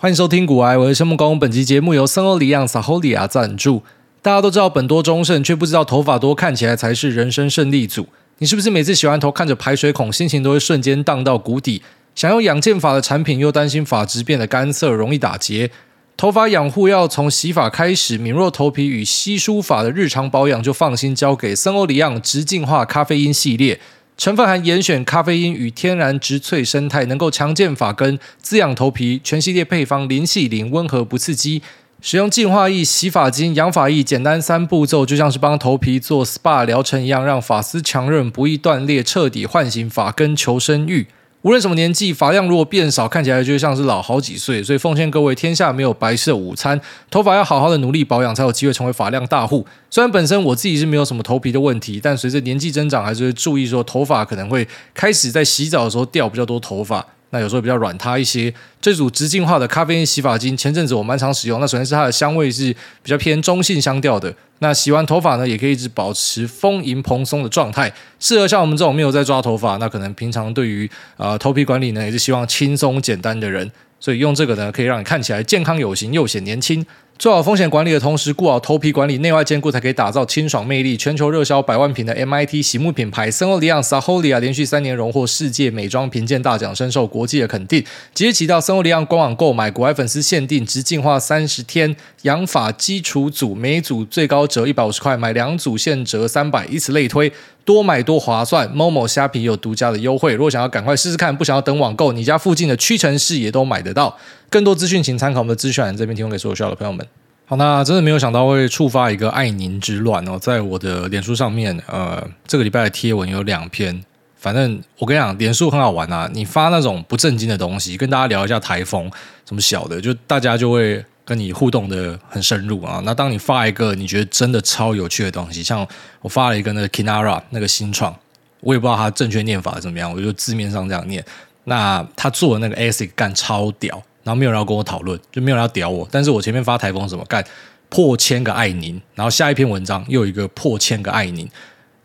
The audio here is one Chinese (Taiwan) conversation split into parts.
歡迎收聽《股癌》，我是謝孟恭，本期節目由森歐黎漾 Saholia 贊助。大家都知道本多終勝，卻不知道頭髮多看起來才是人生勝利組。你是不是每次洗完頭，看着排水孔，心情都會瞬間盪到谷底？想用養健法的產品，又擔心髮質變得乾澀、容易打結？頭髮養護要從洗髮開始，敏弱頭皮與稀疏髮的日常保養，就放心交給森歐黎漾質進化咖啡因系列。成分含嚴選咖啡因與天然植萃勝肽，能夠強健髮根、滋養頭皮。全系列配方零矽靈，溫和不刺激，使用淨化液、洗髮精、養髮液，簡單三步驟，就像是幫頭皮做 SPA 療程一樣，讓髮絲強韌不易斷裂，徹底喚醒髮根求生欲。無論什麼年紀，髮量如果變少，看起來就像是老好幾歲。所以奉勸各位，天下沒有白吃的午餐，頭髮要好好的努力保養，才有機會成為髮量大戶。雖然本身我自己是沒有什麼頭皮的問題，但隨着年紀增長，還是會注意說頭髮可能會開始在洗澡的時候掉比較多頭髮。那有時候比較軟塌一些，這組質進化的咖啡因洗髮精，前陣子我蠻常使用。那首先是它的香味是比較偏中性香調的，那洗完頭髮呢，也可以一直保持豐盈蓬鬆的狀態，適合像我們這種沒有在抓頭髮，那可能平常對於呃頭皮管理呢，也是希望輕鬆簡單的人，所以用這個呢，可以讓你看起來健康有型又顯年輕。做好風險管理的同時，顧好頭皮管理，內外兼顧才可以打造清爽魅力。全球熱銷百萬瓶的 MIT 洗沐品牌森歐黎漾 Saholia 連續三年榮獲世界美妝品鑑大獎，深受國際的肯定。即日起到森歐黎漾官網購買，股癌粉絲限定質進化三十天養髮基礎組，每組最高折一百五十塊，買兩組現折三百，以此類推。多買多划算，MOMO 蝦皮也有獨家的優惠。如果想要趕快試試看，不想要等網購，你家附近的屈臣氏也都買得到。更多資訊，請參考我們的資訊欄這邊提供給所有需要的朋友們。好，那真的沒有想到會觸發一個愛您之亂哦，在我的臉書上面，呃，這個禮拜的貼文有兩篇，反正我跟你講，臉書很好玩吶、啊，你發那種不正經的東西，跟大家聊一下台風，什麼小的，就大家就會。跟你互動的很深入啊，那當你發一個你覺得真的超有趣的東西，像我發了一個那個 Kinara 那個新創，我也不知道它正確念法怎麼樣，我就字面上這樣念。那他做的那個 ASIC 幹超屌，然後沒有人要跟我討論，就沒有人要屌我。但是我前面發台風什麼幹破千個愛寧，然後下一篇文章又有一個破千個愛寧。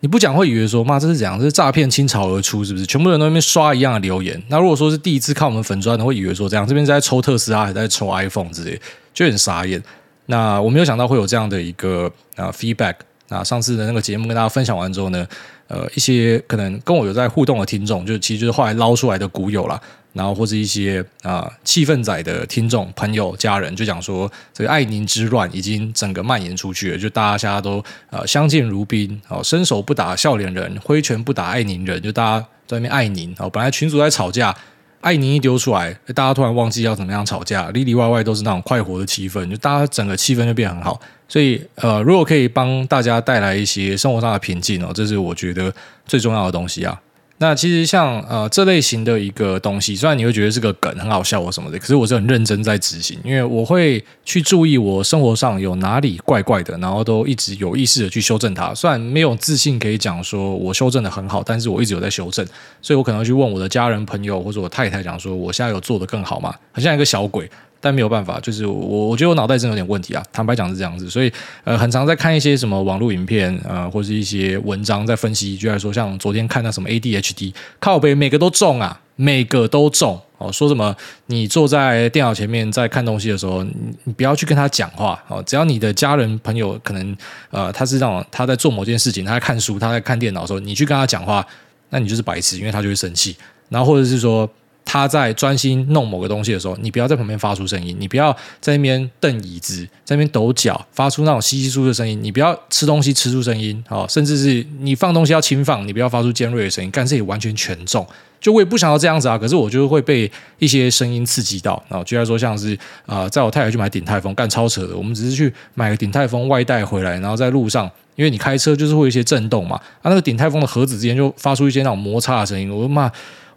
你不講會以為說，媽，這是怎樣？這是詐騙，傾巢而出，是不是？全部人都在那邊刷一樣的留言。那如果說是第一次看我們粉專的，會以為說這樣，這邊在抽特斯拉，還在抽 iPhone 之類，就很傻眼。那我沒有想到會有這樣的一個啊 feedback。那上次的那個節目跟大家分享完之後呢，呃，一些可能跟我有在互動的聽眾，就其實就是後來撈出來的股友啦。然後或者一些啊、呃，氣氛仔的聽眾朋友家人就講說，這個愛寧之亂已經整個蔓延出去了，就大家大家都呃相敬如賓，哦，伸手不打笑臉人，揮拳不打愛寧人，就大家在那邊愛寧、哦。本來群組在吵架，愛寧一丟出來，大家突然忘記要怎麼樣吵架，裡裡外外都是那種快活的氣氛，就大家整個氣氛就變很好。所以呃，如果可以幫大家帶來一些生活上的平靜哦，這是我覺得最重要的東西啊。那其實像呃這類型的一個東西，雖然你會覺得是個梗很好笑或什麼的，可是我是很認真在執行，因為我會去注意我生活上有哪裡怪怪的，然後都一直有意識地去修正它。雖然沒有自信可以講說我修正得很好，但是我一直有在修正，所以我可能會去問我的家人、朋友或者我太太，講說我現在有做得更好嗎？很像一個小鬼。但沒有辦法，就是我我覺得我腦袋真的有點問題啊！坦白講是這樣子，所以呃，很常在看一些什麼網絡影片啊、呃，或是一些文章在分析，就來說像昨天看那什麼 ADHD 靠北，每個都中啊，每個都中哦，說什麼你坐在電腦前面在看東西的時候，你不要去跟他講話哦，只要你的家人朋友可能呃，他是那種他在做某件事情，他在看書，他在看電腦的時候，你去跟他講話，那你就是白痴，因為他就會生氣。然後或者是說。他在專心弄某個東西的時候，你不要在旁邊發出聲音，你不要在那邊蹬椅子，在那邊抖腳，發出那種稀稀疏的聲音，你不要吃東西吃出聲音，哦，甚至是你放東西要輕放，你不要發出尖銳的聲音，幹，這也完全全中，就我也不想要這樣子啊，可是我就會被一些聲音刺激到，然後居然說像是、呃、在我太太去買鼎泰豐幹超扯的，我們只是去買個鼎泰豐外帶回來，然後在路上，因為你開車就是會有一些震動嘛，啊，那個鼎泰豐的盒子之間就發出一些那種摩擦的聲音，我嘛。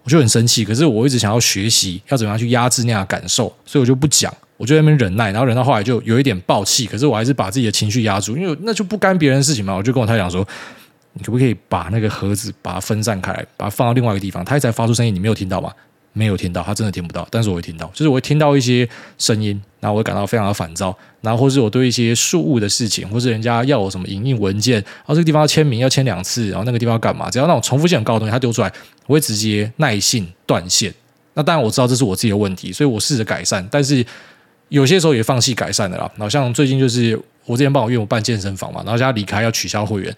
我就很生氣，可是我一直想要學習要怎麼樣去壓制那樣的感受，所以我就不講，我就在那邊忍耐，然後忍到後來就有一點爆氣，可是我還是把自己的情緒壓住，因為那就不干別人的事情嘛。我就跟我太太講說：“你可不可以把那個盒子把它分散開來，把它放到另外一個地方？”他一直在發出聲音，你沒有聽到嗎？沒有聽到，他真的聽不到，但是我會聽到，就是我會聽到一些聲音，然後我會感到非常的煩躁，然後或是我對一些數物的事情，或是人家要我什麼影印文件，然、哦、後這個地方要簽名，要簽兩次，然後那個地方要幹嘛，只要那種重複性很高的東西，他丟出來，我會直接耐性斷線。那當然我知道這是我自己的問題，所以我試着改善，但是有些時候也放棄改善的啦。然後像最近就是我之前幫我岳母辦健身房嘛，然後家離開要取消會員。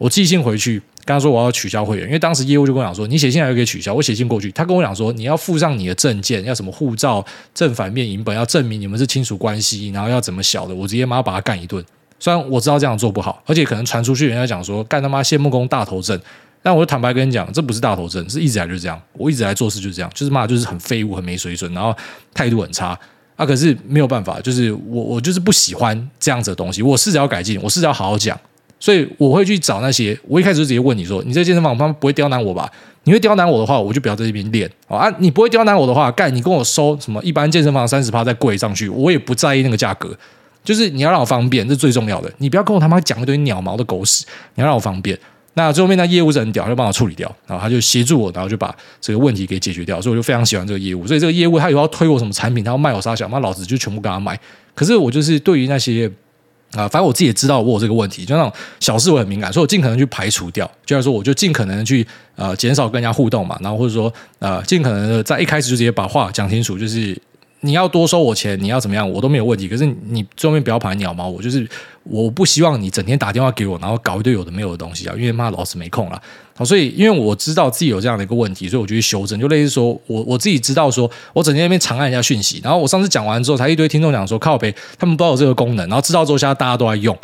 我寄信回去，跟他說我要取消會員，因為當時業務就跟我講說，你寫信來就可以取消。我寫信過去，他跟我講說，你要附上你的證件，要什麼護照正反面影本，要證明你們是親屬關係，然後要怎麼小的，我直接媽把他幹一頓。雖然我知道這樣做不好，而且可能傳出去人家講說幹他媽羨慕工大頭症，但我就坦白跟你講，這不是大頭症，是一直來就是這樣，我一直來做事就是這樣，就是罵就是很廢物，很沒水準，然後態度很差啊。可是沒有辦法，就是我我就是不喜歡這樣子的東西。我試着要改進，我試着要好好講。所以我會去找那些，我一開始就直接問你說：“你在健身房他媽不會刁難我吧？你會刁難我的話，我就不要在這邊練啊！你不會刁難我的話，幹你跟我收什麼一般健身房三十趴再貴上去，我也不在意那個價格，就是你要讓我方便，這是最重要的。你不要跟我他媽講一堆鳥毛的狗屎，你要讓我方便，那最後面那業務是很屌，就幫我處理掉，然後他就協助我，然後就把這個問題給解決掉。所以我就非常喜歡這個業務。所以這個業務他以後要推我什麼產品，他要賣我啥小，那老子就全部跟他買。可是我就是對於那些。啊、呃，反正我自己也知道我有這個問題，就那種小事我很敏感，所以我盡可能去排除掉。就像說，我就盡可能去呃減少跟人家互動嘛，然後或者說呃盡可能的在一開始就直接把話講清楚，就是。你要多收我錢，你要怎麼樣，我都沒有問題。可是你，你最後面不要盤鳥毛，我就是我不希望你整天打電話給我，然後搞一堆有的沒有的東西啊，因為嘛，老子沒空了。好，所以因為我知道自己有這樣的一個問題，所以我就去修正，就類似說我我自己知道說，我整天那邊長按一下訊息，然後我上次講完之後，才一堆聽眾講說靠北，他們不知道有這個功能，然後知道之後，現在大家都在用，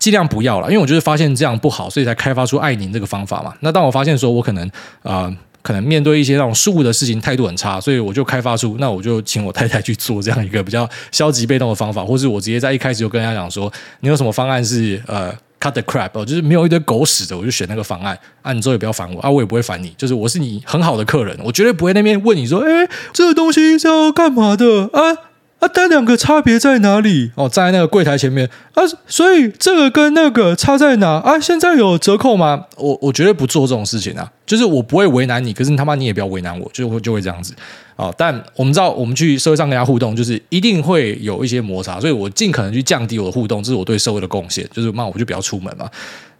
盡量不要了，因為我就是發現這樣不好，所以才開發出愛您這個方法嘛。那當我發現說我可能啊。呃可能面對一些那種失誤的事情，態度很差，所以我就開發出，那我就請我太太去做這樣一個比較消極被動的方法，或是我直接在一開始就跟人家講說，你有什麼方案是呃 cut the crap，就是沒有一堆狗屎的，我就選那個方案。啊，你之後也不要煩我，啊，我也不會煩你，就是我是你很好的客人，我絕對不會那邊問你說，誒，這東西是要幹嘛的啊？啊，但兩個差別在哪裡？哦，在那個櫃台前面啊，所以這個跟那個差在哪？啊，現在有折扣嗎？我我絕對不做這種事情啊，就是我不會為難你，可是你他媽你也不要為難我，就會就會這樣子啊，哦。但我們知道，我們去社會上跟人家互動，就是一定會有一些摩擦，所以我盡可能去降低我的互動，這是我對社會的貢獻。就是媽，我就不要出門嘛。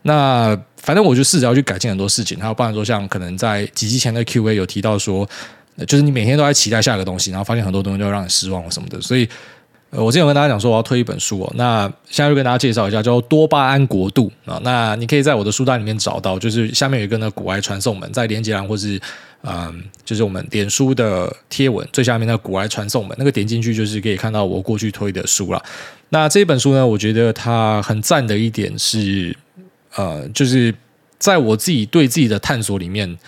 那反正我就試着要去改進很多事情，還有比如說像可能在幾期前的 Q&A 有提到說。就是你每天都在期待下一個東西，然後發現很多東西就讓你失望什麼的。所以，我之前有跟大家講說我要推一本書哦。那現在就跟大家介紹一下，叫《多巴胺國度》啊，那你可以在我的書單裡面找到，就是下面有一個呢“股癌傳送門”在連接欄，或是嗯、呃，就是我們臉書的貼文最下面那“股癌傳送門”那個點進去，就是可以看到我過去推的書了。那這一本書呢，我覺得它很讚的一點是，呃，就是在我自己對自己的探索裡面。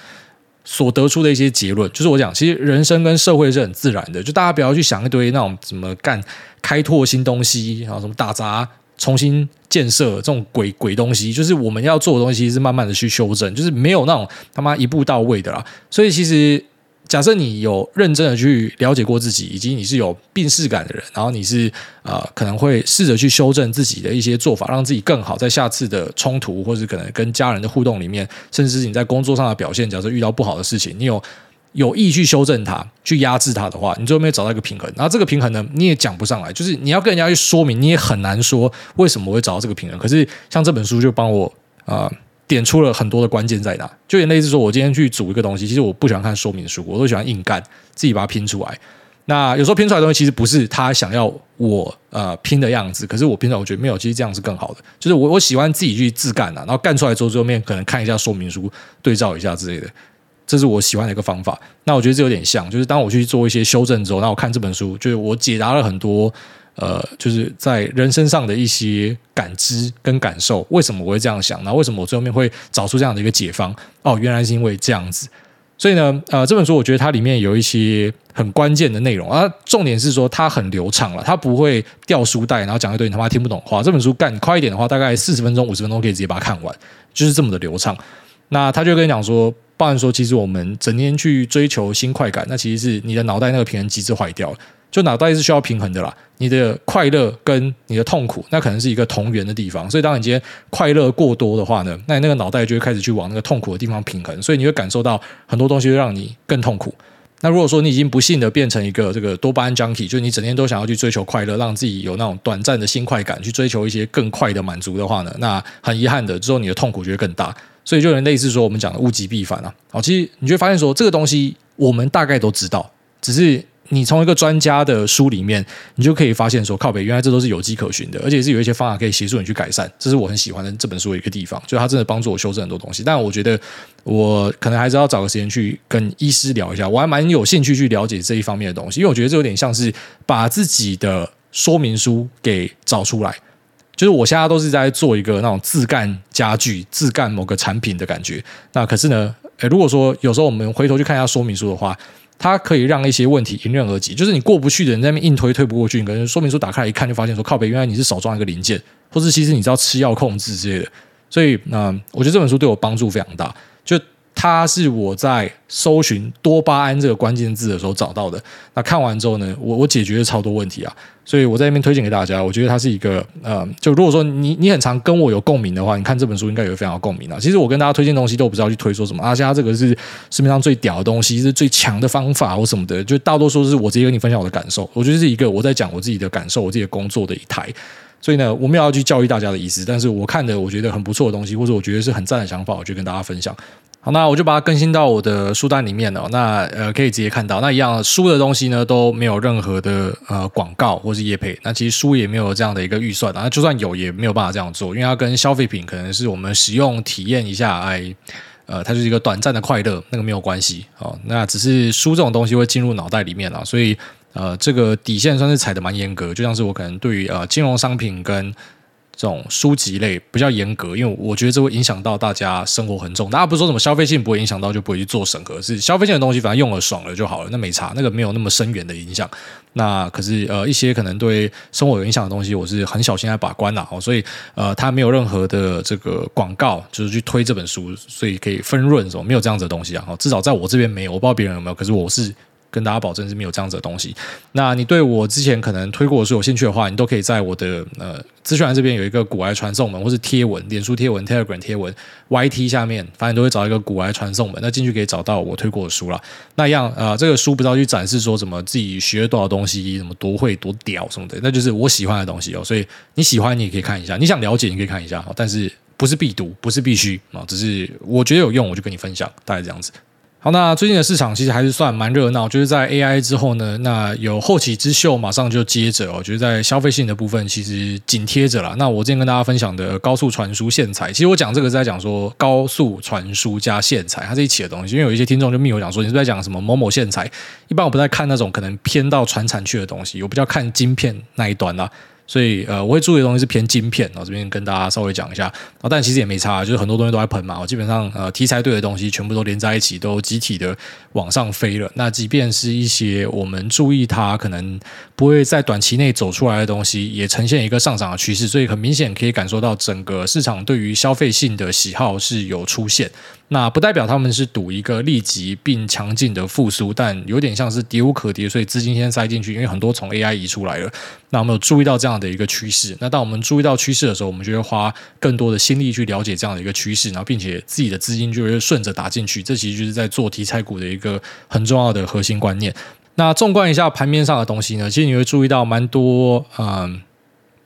所得出的一些結論，就是我講，其實人生跟社會是很自然的，就大家不要去想一堆那種怎麼幹開拓新東西，然後什麼打砸、重新建設這種鬼鬼東西，就是我們要做的東西是慢慢的去修正，就是沒有那種他媽一步到位的啦，所以其實。假設你有認真的去了解過自己，以及你是有病識感的人，然後你是呃可能會試着去修正自己的一些做法，讓自己更好，在下次的衝突或是可能跟家人的互動裡面，甚至是你在工作上的表現，假設遇到不好的事情，你有有意去修正它，去壓制它的話，你最後沒有找到一個平衡，然後這個平衡呢，你也講不上來，就是你要跟人家去說明，你也很難說為什麼我會找到這個平衡。可是像這本書就幫我啊。呃點出了很多的關鍵在哪，就也類似說，我今天去組一個東西，其實我不喜歡看說明書，我都喜歡硬幹，自己把它拼出來。那有時候拼出來的東西其實不是他想要我呃拼的樣子，可是我拼出來我覺得沒有，其實這樣是更好的。就是我我喜歡自己去自幹啊，然後幹出來之後，最後面，可能看一下說明書，對照一下之類的，這是我喜歡的一個方法。那我覺得這有點像，就是當我去做一些修正之後，那我看這本書，就是我解答了很多。呃，就是在人身上的一些感知跟感受，為什麼我會這樣想？那為什麼我最後面會找出這樣的一個解方？哦，原來是因為這樣子。所以呢，呃，這本書我覺得它裡面有一些很關鍵的內容啊。重點是說它很流暢了，它不會掉書袋，然後講一堆你他媽聽不懂的話。這本書幹你快一點的話，大概四十分鐘、五十分鐘可以直接把它看完，就是這麼的流暢。那他就跟你講說，包含說，其實我們整天去追求新快感，那其實是你的腦袋那個平衡機制壞掉了。就腦袋是需要平衡的啦，你的快樂跟你的痛苦，那可能是一個同源的地方。所以，當你今天快樂過多的話呢，那你那個腦袋就會開始去往那個痛苦的地方平衡，所以你會感受到很多東西會讓你更痛苦。那如果說你已經不幸的變成一個這個多巴胺 junkie 就是你整天都想要去追求快樂，讓自己有那種短暫的新快感，去追求一些更快的滿足的話呢，那很遺憾的，之後你的痛苦就會更大。所以，就類似說我們講的物極必反啊。好，其實你就會發現說，這個東西我們大概都知道，只是。你從一個專家的書裡面，你就可以發現說，靠北，原來這都是有跡可循的，而且是有一些方法可以協助你去改善。這是我很喜歡的這本書的一個地方，所以它真的幫助我修正很多東西。但我覺得我可能還是要找個時間去跟醫師聊一下，我還蠻有興趣去了解這一方面的東西，因為我覺得這有點像是把自己的說明書給找出來。就是我現在都是在做一個那種自幹家具、自幹某個產品的感覺。那可是呢，誒，如果說有時候我們回頭去看一下說明書的話。它可以讓一些問題迎刃而解，就是你過不去的人在那邊硬推推不過去，你可能說明書打開一看就發現說靠北，原來你是少裝一個零件，或是其實你知道吃藥控制之類的。所以，那、呃、我覺得這本書對我幫助非常大。就。它是我在搜尋多巴胺這個關鍵字的時候找到的。那看完之後呢，我我解決了超多問題啊，所以我在那邊推薦給大家。我覺得它是一個呃，就如果說你你很常跟我有共鳴的話，你看這本書應該有非常有共鳴啊。其實我跟大家推薦的東西都不知道去推說什麼，而且它這個是市面上最屌的東西，是最強的方法或什麼的，就大多數是我直接跟你分享我的感受。我覺得是一個我在講我自己的感受，我自己的工作的一台。所以呢，我沒有要去教育大家的意思，但是我看的我覺得很不錯的東西，或者我覺得是很讚的想法，我就跟大家分享。好，那我就把它更新到我的書單裡面哦那呃可以直接看到。那一樣，書的東西呢都沒有任何的呃廣告或是業配。那其實書也沒有這樣的一個預算啊。那就算有也沒有辦法這樣做，因為它跟消費品可能是我們使用體驗一下，哎，呃，它就是一個短暫的快樂，那個沒有關係啊、哦那只是書這種東西會進入腦袋裡面了、啊，所以呃，這個底線算是踩的蠻嚴格。就像是我可能對於呃金融商品跟。這種書籍類比較嚴格，因為我覺得這會影響到大家生活很重。大家不是說什麼消費性不會影響到，就不會去做審核。是消費性的東西，反正用了爽了就好了，那沒差。那個沒有那麼深遠的影響。那可是呃，一些可能對生活有影響的東西，我是很小心來把關啦哦。所以呃，他沒有任何的這個廣告，就是去推這本書，所以可以分潤什麼，沒有這樣子的東西啊。哦，至少在我這邊沒有，我不知道別人有沒有，可是我是。跟大家保證是沒有這樣子的東西。那你對我之前可能推過的書有興趣的話，你都可以在我的呃資訊欄這邊有一個股癌傳送門，或是貼文、臉書貼文、Telegram 貼文、YT 下面，反正都會找一個股癌傳送門。那進去可以找到我推過的書啦。那樣啊、呃，這個書不知道去展示，說什麼自己學多少東西，什麼多會多屌什麼的，那就是我喜歡的東西哦、喔。所以你喜歡你也可以看一下，你想了解，你可以看一下，喔、但是不是必讀，不是必須啊、喔，只是我覺得有用，我就跟你分享，大概這樣子。好，那最近的市場其實還是算蠻熱鬧，就是在 AI 之後呢，那有後起之秀馬上就接着、哦。我覺得、是、在消費性的部分其實緊貼着了。那我之前跟大家分享的高速傳輸線材，其實我講這個是在講說高速傳輸加線材它是一起的東西，因為有一些聽眾就密我講說你是在講什麼某某線材，一般我不太看那種可能偏到傳產去的東西，我比較看晶片那一端啦。所以，呃，我會注意的東西是偏晶片，我，哦，這邊跟大家稍微講一下，哦，但其實也沒差，就是很多東西都在噴嘛。我，哦，基本上，呃，題材對的東西全部都連在一起，都集體的往上飛了。那即便是一些我們注意它可能不會在短期內走出來的東西，也呈現一個上漲的趨勢。所以很明顯可以感受到，整個市場對於消費性的喜好是有出現。那不代表他們是賭一個立即並強勁的復甦，但有點像是跌無可跌。所以資金先塞進去，因為很多從 AI 移出來了。那我們有注意到這樣的一個趨勢。那當我們注意到趨勢的時候，我們就會花更多的心力去了解這樣的一個趨勢，然後並且自己的資金就會順着打進去。這其實就是在做題材股的一個很重要的核心觀念。那縱觀一下盤面上的東西呢，其實你會注意到蠻多，嗯。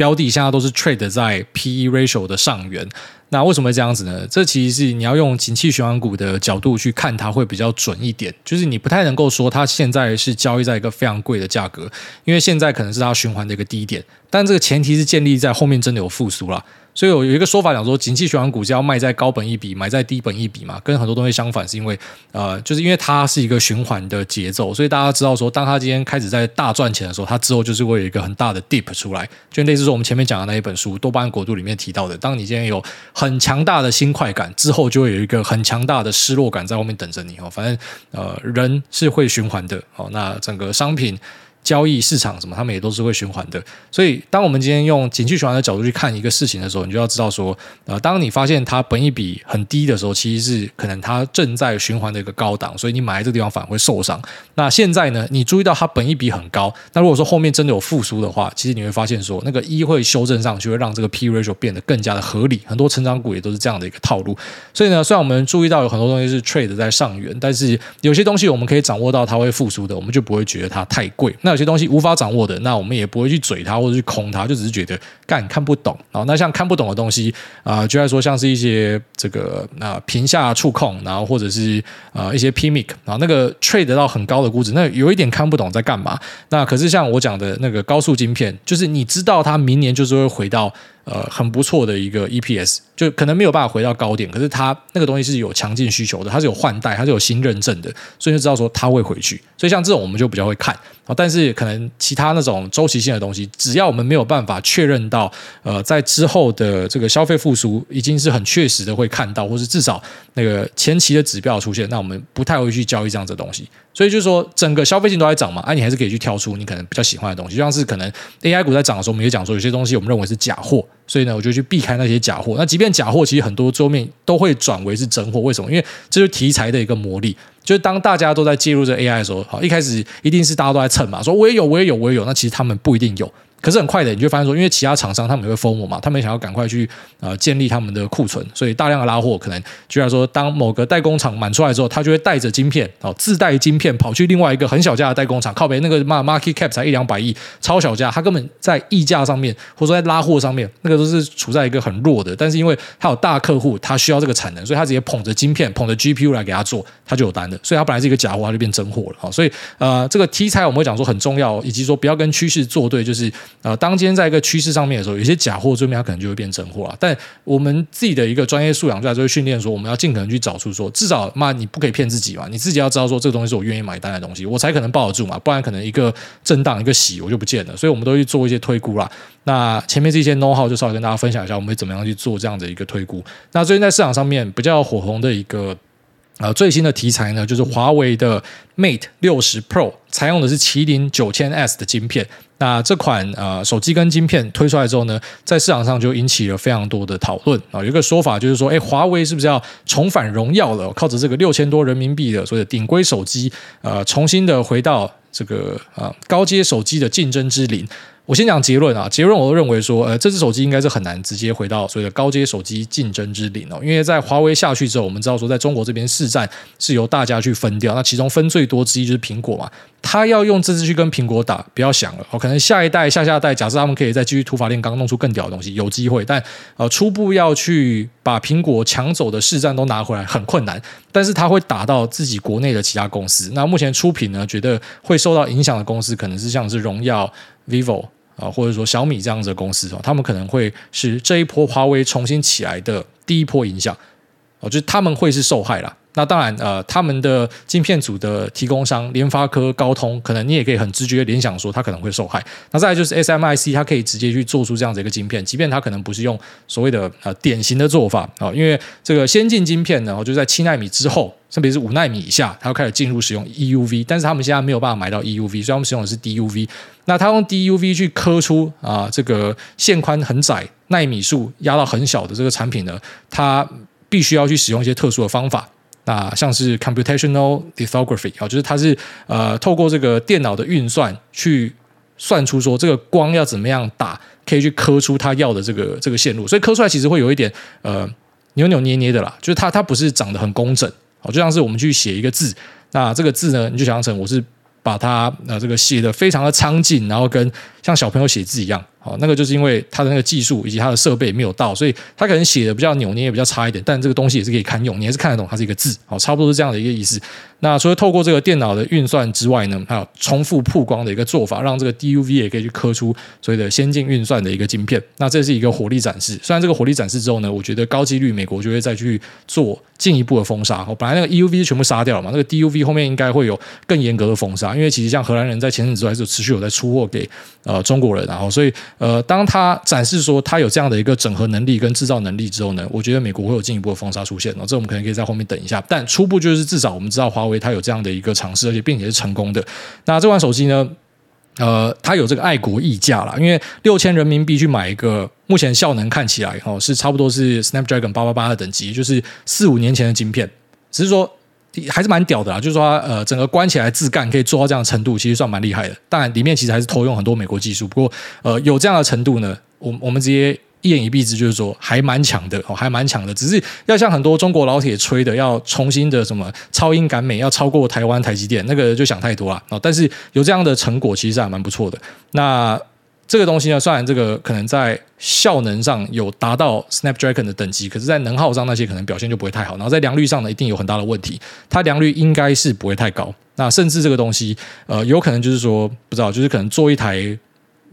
標的現在都是 trade 在 PE ratio 的上緣，那為什麼會這樣子呢？這其實是你要用景氣循環股的角度去看它，會比較準一點。就是你不太能夠說它現在是交易在一個非常貴的價格，因為現在可能是它循環的一個低點，但這個前提是建立在後面真的有復甦啦。所以有有一個說法講說，景氣循環股是要賣在高本益比，買在低本益比嘛，跟很多東西相反，是因為呃，就是因為它是一個循環的節奏，所以大家知道說，當它今天開始在大賺錢的時候，它之後就是會有一個很大的 dip 出來，就類似說我們前面講的那一本書《多巴胺國度》裡面提到的，當你今天有很強大的新快感之後，就會有一個很強大的失落感在外面等着你哦。反正呃，人是會循環的哦。那整個商品。交易市場什麼，他們也都是會循環的。所以，當我們今天用情緒循環的角度去看一個事情的時候，你就要知道說，呃，當你發現它本益比很低的時候，其實是可能它正在循環的一個高檔，所以你買這個地方反而會受傷。那現在呢，你注意到它本益比很高，那如果說後面真的有復甦的話，其實你會發現說，那個 E 會修正上去，會讓這個 P ratio 變得更加的合理。很多成長股也都是這樣的一個套路。所以呢，雖然我們注意到有很多東西是 trade 在上緣，但是有些東西我們可以掌握到它會復甦的，我們就不會覺得它太貴。有些東西無法掌握的，那我們也不會去嘴它或者去空它，就只是覺得幹，看不懂啊。那像看不懂的東西啊、呃，就在說像是一些這個那屏、呃、下觸控，然後或者是啊、呃、一些 PMIC 啊，那個 trade 到很高的估值，那有一點看不懂在幹嘛。那可是像我講的那個高速晶片，就是你知道它明年就是會回到。呃，很不錯的一個 EPS，就可能沒有辦法回到高點，可是它那個東西是有強勁需求的，它是有換代，它是有新認證的，所以就知道說它會回去。所以像這種我們就比較會看，但是可能其他那種周期性的東西，只要我們沒有辦法確認到，呃，在之後的這個消費復甦已經是很確實的會看到，或是至少那個前期的指標出現，那我們不太會去交易這樣子的東西。所以就是說，整個消費性都在漲嘛，哎，你還是可以去挑出你可能比較喜歡的東西，就像是可能 AI 股在漲的時候，我們也講說有些東西我們認為是假貨，所以呢，我就去避開那些假貨。那即便假貨，其實很多桌面都會轉為是真貨，為什麼？因為這是題材的一個魔力，就是當大家都在介入這 AI 的時候，好，一開始一定是大家都在蹭嘛，說我也有，我也有，我也有，那其實他們不一定有。可是很快的，你就發現說，因為其他廠商他們也會封我嘛，他們想要趕快去呃建立他們的庫存，所以大量的拉貨，可能居然說，當某個代工廠滿出來之後，他就會帶着晶片啊、哦，自帶晶片跑去另外一個很小家的代工廠，靠北那個嘛，market cap 才一兩百億，超小家，他根本在議價上面，或者說在拉貨上面，那個都是處在一個很弱的，但是因為他有大客戶，他需要這個產能，所以他直接捧着晶片，捧着 GPU 來給他做，他就有單的，所以他本來是一個假貨，他就變真貨了好、哦，所以呃，這個題材我們會講說很重要，以及說不要跟趨勢作對，就是。啊、呃，當今天在一個趨勢上面的時候，有些假貨這邊它，可能就會變真貨啊。但我們自己的一個專業素養在做訓練的時候，我們要盡可能去找出說，至少嘛，你不可以騙自己嘛，你自己要知道說這個東西是我願意買單的東西，我才可能抱得住嘛，不然可能一個震盪一個洗我就不見了。所以我們都去做一些推估啦。那前面這些 No 號就稍微跟大家分享一下，我們會怎麼樣去做這樣的一個推估。那最近在市場上面比較火紅的一個。呃，最新的題材呢，就是華為的 Mate 六十 Pro，採用的是麒麟九千 S 的晶片。那這款呃手機跟晶片推出來之後呢，在市場上就引起了非常多的討論啊。有一個說法就是說，哎，華為是不是要重返榮耀了？靠着這個六千多人民幣的，所謂的頂規手機，呃，重新的回到這個啊、呃、高階手機的競爭之林。我先講結論啊，結論我都認為說，呃，這只手機應該是很難直接回到所謂的高階手機競爭之林哦。因為在華為下去之後，我們知道說，在中國這邊市占是由大家去分掉，那其中分最多之一就是蘋果嘛。他要用這只去跟蘋果打，不要想了，哦，可能下一代、下下代，假設他們可以再繼續土法煉鋼弄出更屌的東西，有機會。但呃，初步要去把蘋果搶走的市占都拿回來，很困難。但是它會打到自己國內的其他公司。那目前出品呢，覺得會受到影響的公司，可能是像是榮耀、vivo。啊，或者說小米這樣子的公司啊，他們可能會是這一波華為重新起來的第一波影響，哦，就是他們會是受害了啊。那當然，呃，他們的晶片組的提供商聯發科、高通，可能你也可以很直覺的聯想說，它可能會受害。那再來就是 SMIC，它可以直接去做出這樣子一個晶片，即便它可能不是用所謂的呃典型的做法啊、呃，因為這個先進晶片呢，然後就在七納米之後，甚至是五納米以下，它要開始進入使用 EUV，但是他們現在沒有辦法買到 EUV，所以他們使用的是 DUV。那它用 DUV 去刻出啊、呃、這個線寬很窄、奈米數壓到很小的這個產品呢，它必須要去使用一些特殊的方法。啊，像是 computational lithography，好，就是它是呃透過這個電腦的運算去算出說這個光要怎麼樣打，可以去刻出它要的這個這個線路，所以刻出來其實會有一點呃扭扭捏捏的啦，就是它它不是長得很工整，好，就像是我們去寫一個字，那這個字呢，你就想象成我是把它呃這個寫得非常的蒼勁，然後跟像小朋友寫字一樣。好，那個就是因為它的那個技術以及它的設備沒有到，所以它可能寫的比較扭捏，也比較差一點。但這個東西也是可以堪用，你還是看得懂它是一個字。好，差不多是這樣的一個意思。那除了透過這個電腦的運算之外呢，還有重複曝光的一個做法，讓這個 DUV 也可以去刻出所謂的先進運算的一個晶片。那這是一個火力展示。雖然這個火力展示之後呢，我覺得高幾率美國就會再去做進一步的封殺。本來那個 EUV 全部殺掉了嘛，那個 DUV 後面應該會有更嚴格的封殺。因為其實像荷蘭人在前陣之外是持續有在出貨給、呃、中國人，然後所以。呃，當他展示說他有這樣的一個整合能力跟製造能力之後呢，我覺得美國會有進一步的封殺出現。哦，這我們可能可以在後面等一下，但初步就是至少我們知道華為它有這樣的一個嘗試，而且並且是成功的。那這款手機呢，呃，它有這個愛國溢價啦，因為六千人民幣去買一個，目前效能看起來哦是差不多是 Snapdragon 八八八的等級，就是四五年前的晶片，只是說還是蠻屌的啦，就是說，呃，整個關起來自幹可以做到這樣程度，其實算蠻厲害的。當然，裡面其實還是偷用很多美國技術，不過，呃，有這樣的程度呢，我我們直接一言以蔽之，就是說，還蠻強的哦，還蠻強的。只是要像很多中國老鐵吹的，要重新的什麼超英趕美，要超過台灣台積電，那個就想太多了哦。但是有這樣的成果，其實還蠻不錯的。那。這個東西呢，雖然這個可能在效能上有達到 Snapdragon 的等級，可是，在能耗上那些可能表現就不會太好，然後在良率上呢，一定有很大的問題，它良率應該是不會太高。那甚至這個東西，呃，有可能就是說，不知道，就是可能做一台，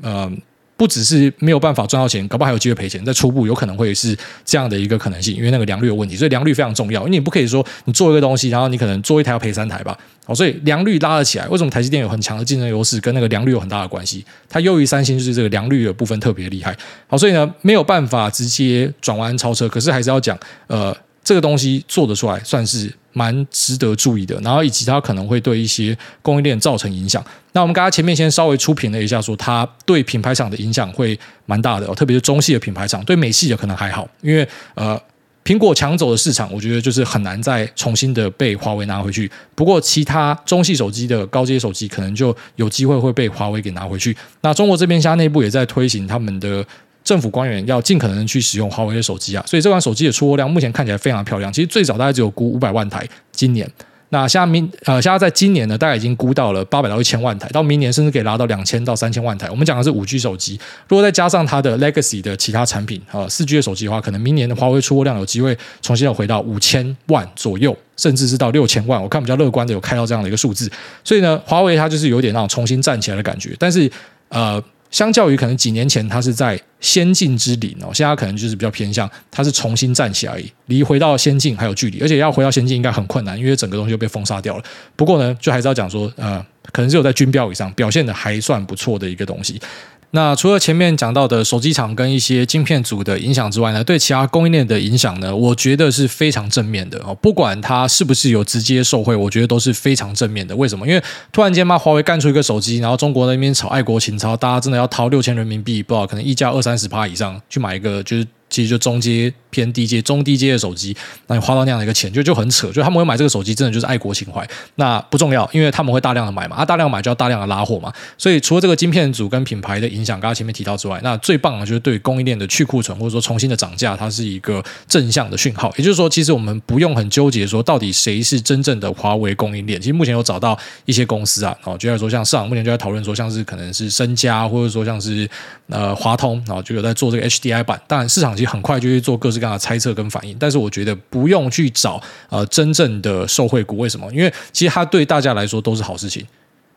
呃。不只是沒有辦法賺到錢，搞不好還有機會賠錢。在初步有可能會是這樣的一個可能性，因為那個良率有問題，所以良率非常重要。因為你不可以說你做一個東西，然後你可能做一台要賠三台吧。好，所以良率拉得起來。為什麼台積電有很強的競爭優勢，跟那個良率有很大的關係？它優於三星就是這個良率的部分特別厲害。好，所以呢，沒有辦法直接轉彎超車，可是還是要講，呃，這個東西做得出來算是蠻值得注意的，然後以及它可能會對一些供應鏈造成影響。那我們剛才前面先稍微粗評了一下說，說它對品牌廠的影響會蠻大的，特別是中系的品牌廠，對美系的可能還好，因為呃，蘋果搶走的市場，我覺得就是很難再重新的被華為拿回去。不過其他中系手機的高階手機，可能就有機會會被華為給拿回去。那中國這邊現在內部也在推行他們的，政府官員要盡可能去使用華為的手機啊，所以這款手機的出貨量目前看起來非常漂亮。其實最早大概只有估五百萬台，今年那下呃，現在，在今年呢，大概已經估到了八百到一千萬台，到明年甚至可以拉到兩千到三千萬台。我們講的是五 G 手機，如果再加上它的 Legacy 的其他產品啊，四 G 的手機的話，可能明年的華為出貨量有機會重新要回到五千萬左右，甚至是到六千萬。我看比較樂觀的有開到這樣的一個數字。所以呢，華為它就是有點那種重新站起來的感覺，但是呃。相較於可能幾年前，它是在先進之林哦，現在可能就是比較偏向，它是重新站起來而已，離回到先進還有距離，而且要回到先進應該很困難，因為整個東西就被封殺掉了。不過呢，就還是要講說，呃，可能只有在軍標以上表現的還算不錯的一個東西。那除了前面講到的手機廠跟一些晶片組的影響之外呢，對其他供應鏈的影響呢，我覺得是非常正面的哦。不管它是不是有直接受惠，我覺得都是非常正面的。為什麼？因為突然間嘛，華為幹出一個手機，然後中國那邊炒愛國情操，大家真的要掏六千人民幣，不知道可能溢價二三十趴以上，去買一個就是。其實就中階偏低階、中低階的手機，那你花到那樣的一個錢，就就很扯。就他們會買這個手機，真的就是愛國情懷，那不重要，因為他們會大量的買嘛，啊，大量買就要大量的拉貨嘛。所以除了這個晶片組跟品牌的影響，剛剛前面提到之外，那最棒的就是對供應鏈的去庫存或者說重新的漲價，它是一個正向的訊號。也就是說，其實我們不用很糾結說到底誰是真正的華為供應鏈。其實目前有找到一些公司啊，哦，就在說像上，目前就在討論說像是可能是深家，或者說像是呃華通，然後就有在做這個 HDI 板。當然市場。其實很快就去做各式各樣的猜測跟反應，但是我覺得不用去找呃真正的受惠股。為什麼？因為其實它對大家來說都是好事情。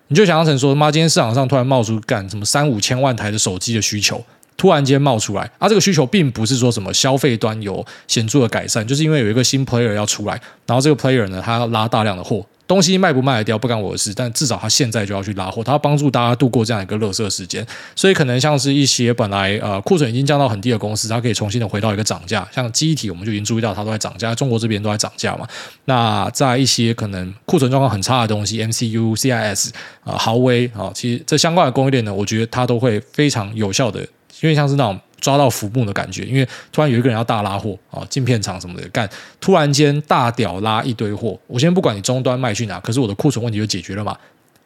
你就想象成說，媽，今天市場上突然冒出干什麼三五千萬台的手機的需求，突然間冒出來，啊，這個需求並不是說什麼消費端有顯著的改善，就是因為有一個新 player 要出來，然後這個 player 呢，他要拉大量的貨。東西賣不賣得掉不干我的事，但至少他現在就要去拉貨，他要幫助大家度過這樣一個垃圾的時間。所以可能像是一些本來呃庫存已經降到很低的公司，它可以重新的回到一個漲價。像記憶體，我們就已經注意到它都在漲價，中國這邊都在漲價嘛。那在一些可能庫存狀況很差的東西，MCU、CIS 啊、呃、豪威啊、哦，其實這相關的供應鏈呢，我覺得它都會非常有效的，因為像是那種。抓到浮木的感覺，因為突然有一個人要大拉貨啊，晶、哦、片廠什麼的幹，突然間大屌拉一堆貨，我先不管你終端賣去哪，可是我的庫存問題就解決了嘛，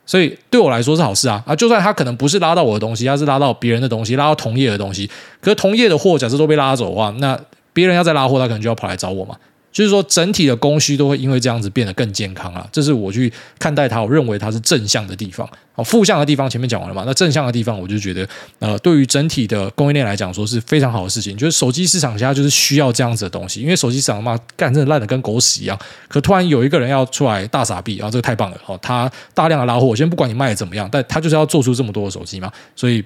所以對我來說是好事啊啊！就算他可能不是拉到我的東西，他是拉到別人的東西，拉到同業的東西，可是同業的貨假設都被拉走的話，那別人要再拉貨，他可能就要跑來找我嘛。就是說，整體的供需都會因為這樣子變得更健康了啊。這是我去看待它，我認為它是正向的地方。好，負向的地方前面講完了嘛。那正向的地方，我就覺得，呃，對於整體的供應鏈來講說，是非常好的事情。就是手機市場現在就是需要這樣子的東西，因為手機市場嘛，幹真的爛得跟狗屎一樣。可突然有一個人要出來大傻逼啊，這個太棒了！哦，他大量的拉貨，我先不管你賣怎麼樣，但他就是要做出這麼多的手機嘛，所以。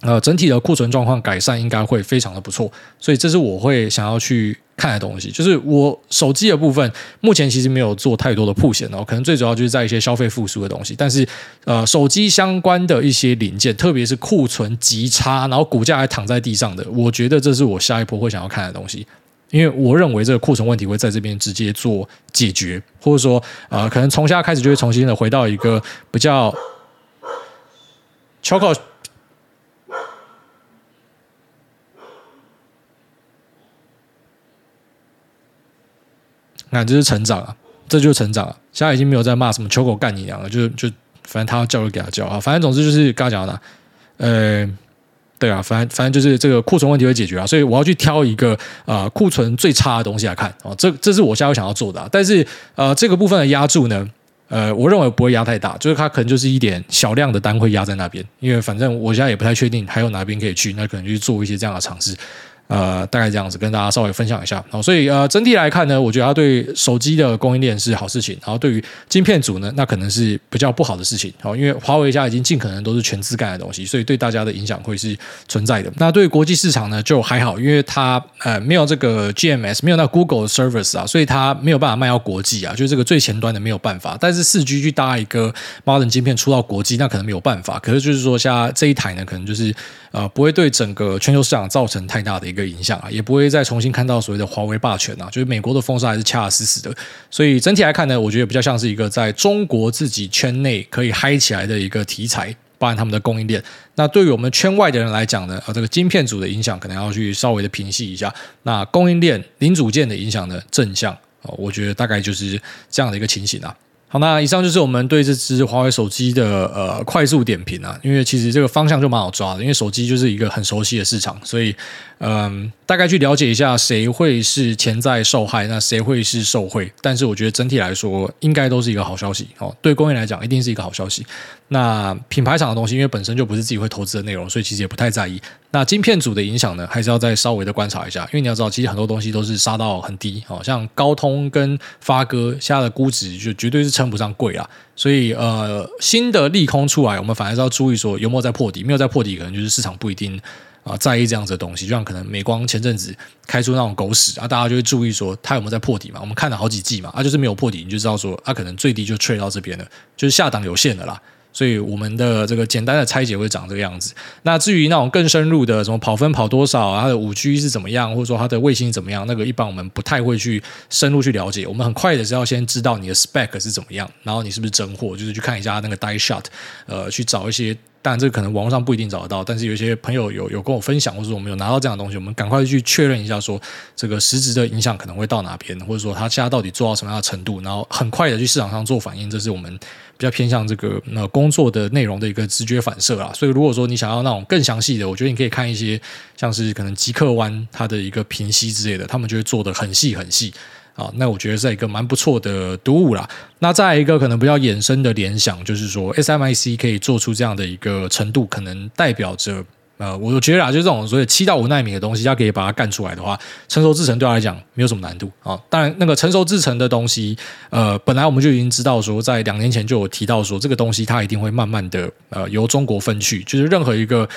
呃，整體的庫存狀況改善應該會非常的不錯，所以這是我會想要去看的東西。就是我手機的部分，目前其實沒有做太多的曝險哦，然後可能最主要就是在一些消費復甦的東西。但是，呃，手機相關的一些零件，特別是庫存極差，然後股價還躺在地上的，我覺得這是我下一波會想要看的東西。因為我認為這個庫存問題會在這邊直接做解決，或者說，呃，可能從現在開始就會重新的回到一個比較，秋口。那、啊、這是成長啊，這就是成長啊！現在已經沒有在罵什麼“球狗幹你娘了”，就是就反正他要叫就給他叫啊，反正總之就是剛才講的，呃，對啊，反正反正就是這個庫存問題會解決啊，所以我要去挑一個啊、呃、庫存最差的東西來看啊、哦，這這是我現在想要做的、啊。但是呃，這個部分的壓注呢，呃，我認為不會壓太大，就是它可能就是一點小量的單會壓在那邊，因為反正我現在也不太確定還有哪邊可以去，那可能去做一些這樣的嘗試。呃，大概這樣子跟大家稍微分享一下哦。所以呃，整體來看呢，我覺得它對手機的供應鏈是好事情，然後對於晶片組呢，那可能是比較不好的事情哦。因為華為現在已經盡可能都是全自幹的東西，所以對大家的影響會是存在的。那對於國際市場呢，就還好，因為它呃沒有這個 GMS，沒有那 Google Service 啊，所以它沒有辦法賣到國際啊。就這個最前端的沒有辦法，但是四 G 去搭一個 Modern 晶片出到國際，那可能沒有辦法。可是就是說，像這一台呢，可能就是呃不會對整個全球市場造成太大的一個。的影響啊，也不會再重新看到所謂的華為霸權啊，就是美國的封殺還是掐得死死的。所以整體來看呢，我覺得比較像是一個在中國自己圈內可以嗨起來的一個題材，包含他們的供應鏈。那對於我們圈外的人來講呢，啊，這個晶片組的影響可能要去稍微的平息一下。那供應鏈零組件的影響呢，正向我覺得大概就是這樣的一個情形啊。好，那以上就是我們對這支華為手機的呃快速點評啊。因為其實這個方向就蠻好抓的，因為手機就是一個很熟悉的市場，所以。嗯，大概去了解一下誰會是潛在受害，那誰會是受惠？但是我覺得整體來說，應該都是一個好消息哦。對工業來講，一定是一個好消息。那品牌廠的東西，因為本身就不是自己會投資的內容，所以其實也不太在意。那晶片組的影響呢，還是要再稍微的觀察一下，因為你要知道，其實很多東西都是殺到很低哦。像高通跟發哥現在的估值，就絕對是稱不上貴了。所以呃，新的利空出來，我們反而是要注意說有沒有在破底。沒有在破底，可能就是市場不一定。啊，在意這樣子的東西，就像可能美光前陣子開出那種狗屎啊，大家就會注意說它有沒有在破底嘛？我們看了好幾季嘛，啊，就是沒有破底，你就知道說它、啊、可能最低就吹到這邊了，就是下檔有限的啦。所以我們的這個簡單的拆解會長這個樣子。那至於那種更深入的，什麼跑分跑多少、啊，它的五 G 是怎麼樣，或者說它的衛星怎麼樣，那個一般我們不太會去深入去了解。我們很快的是要先知道你的 spec 是怎麼樣，然後你是不是真貨，就是去看一下那個 die shot，呃，去找一些。但這個可能網絡上不一定找得到，但是有些朋友有有跟我分享，或者我們有拿到這樣的東西，我們趕快去確認一下說，說這個實質的影響可能會到哪邊，或者說它現在到底做到什麼樣的程度，然後很快的去市場上做反應，這是我們比較偏向這個那個、工作的內容的一個直覺反射啦。所以如果說你想要那種更詳細的，我覺得你可以看一些像是可能極客灣它的一個評析之類的，他們就會做得很細很細。啊，那我覺得是一個蠻不錯的讀物啦。那再一個可能比較衍生的聯想，就是說，SMIC 可以做出這樣的一個程度，可能代表着，呃，我覺得啦，就是、這種所謂七到五奈米的東西，要可以把它幹出來的話，成熟制程對他來講沒有什麼難度啊。當然，那個成熟制程的東西，呃，本來我們就已經知道說，在兩年前就有提到說，這個東西它一定會慢慢的呃由中國分去，就是任何一個。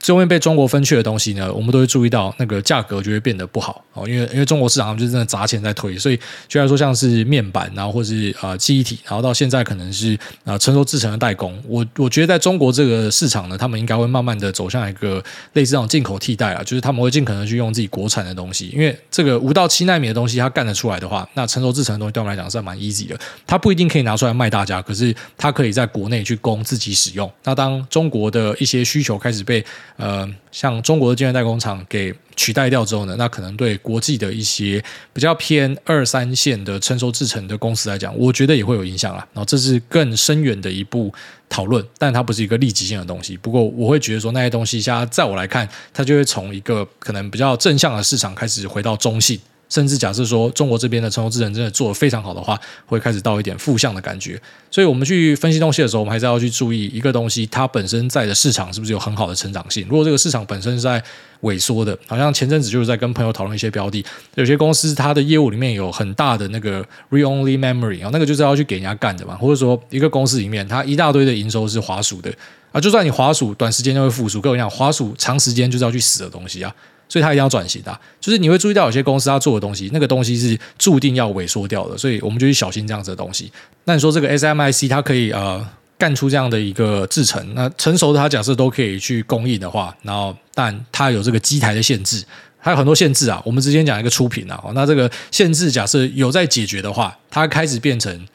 最後面被中國分去的東西呢，我們都會注意到那個價格就會變得不好哦，因為因為中國市場就是真的砸錢在推，所以雖然說像是面板，然後或是啊、呃、記憶體，然後到現在可能是啊、呃、成熟製程的代工，我我覺得在中國這個市場呢，他們應該會慢慢的走向一個類似這種進口替代啊，就是他們會盡可能去用自己國產的東西，因為這個五到七奈米的東西它幹得出來的話，那成熟製程的東西對我們來講是還蠻 easy 的，它不一定可以拿出來賣大家，可是它可以在國內去供自己使用。那當中國的一些需求開始被呃，像中國的晶圓代工廠給取代掉之後呢，那可能對國際的一些比較偏二三線的成熟製程的公司來講，我覺得也會有影響啊。然後這是更深遠的一步討論，但它不是一個立即性的東西。不過我會覺得說那些東西，像在，在我來看，它就會從一個可能比較正向的市場開始回到中性。甚至假設說中國這邊的人工智能真的做得非常好的話，會開始到一點負向的感覺。所以我們去分析東西的時候，我們還是要去注意一個東西，它本身在的市場是不是有很好的成長性。如果這個市場本身是在萎縮的，好像前陣子就是在跟朋友討論一些標的，有些公司它的業務裡面有很大的那個 Re-only Memory，然後那個就是要去給人家幹的嘛。或者說一個公司裡面它一大堆的營收是滑鼠的啊，就算你滑鼠短時間就會復甦，跟我講滑鼠長時間就是要去死的東西啊。所以它一定要轉型啊！就是你會注意到有些公司它做的東西，那個東西是注定要萎縮掉的，所以我們就去小心這樣子的東西。那你說這個 SMIC 它可以呃幹出這樣的一個製程？那成熟的它假設都可以去供應的話，然後但它有這個機台的限制，還有很多限制啊。我們之前講一個出品啊，那這個限制假設有在解決的話，它開始變成。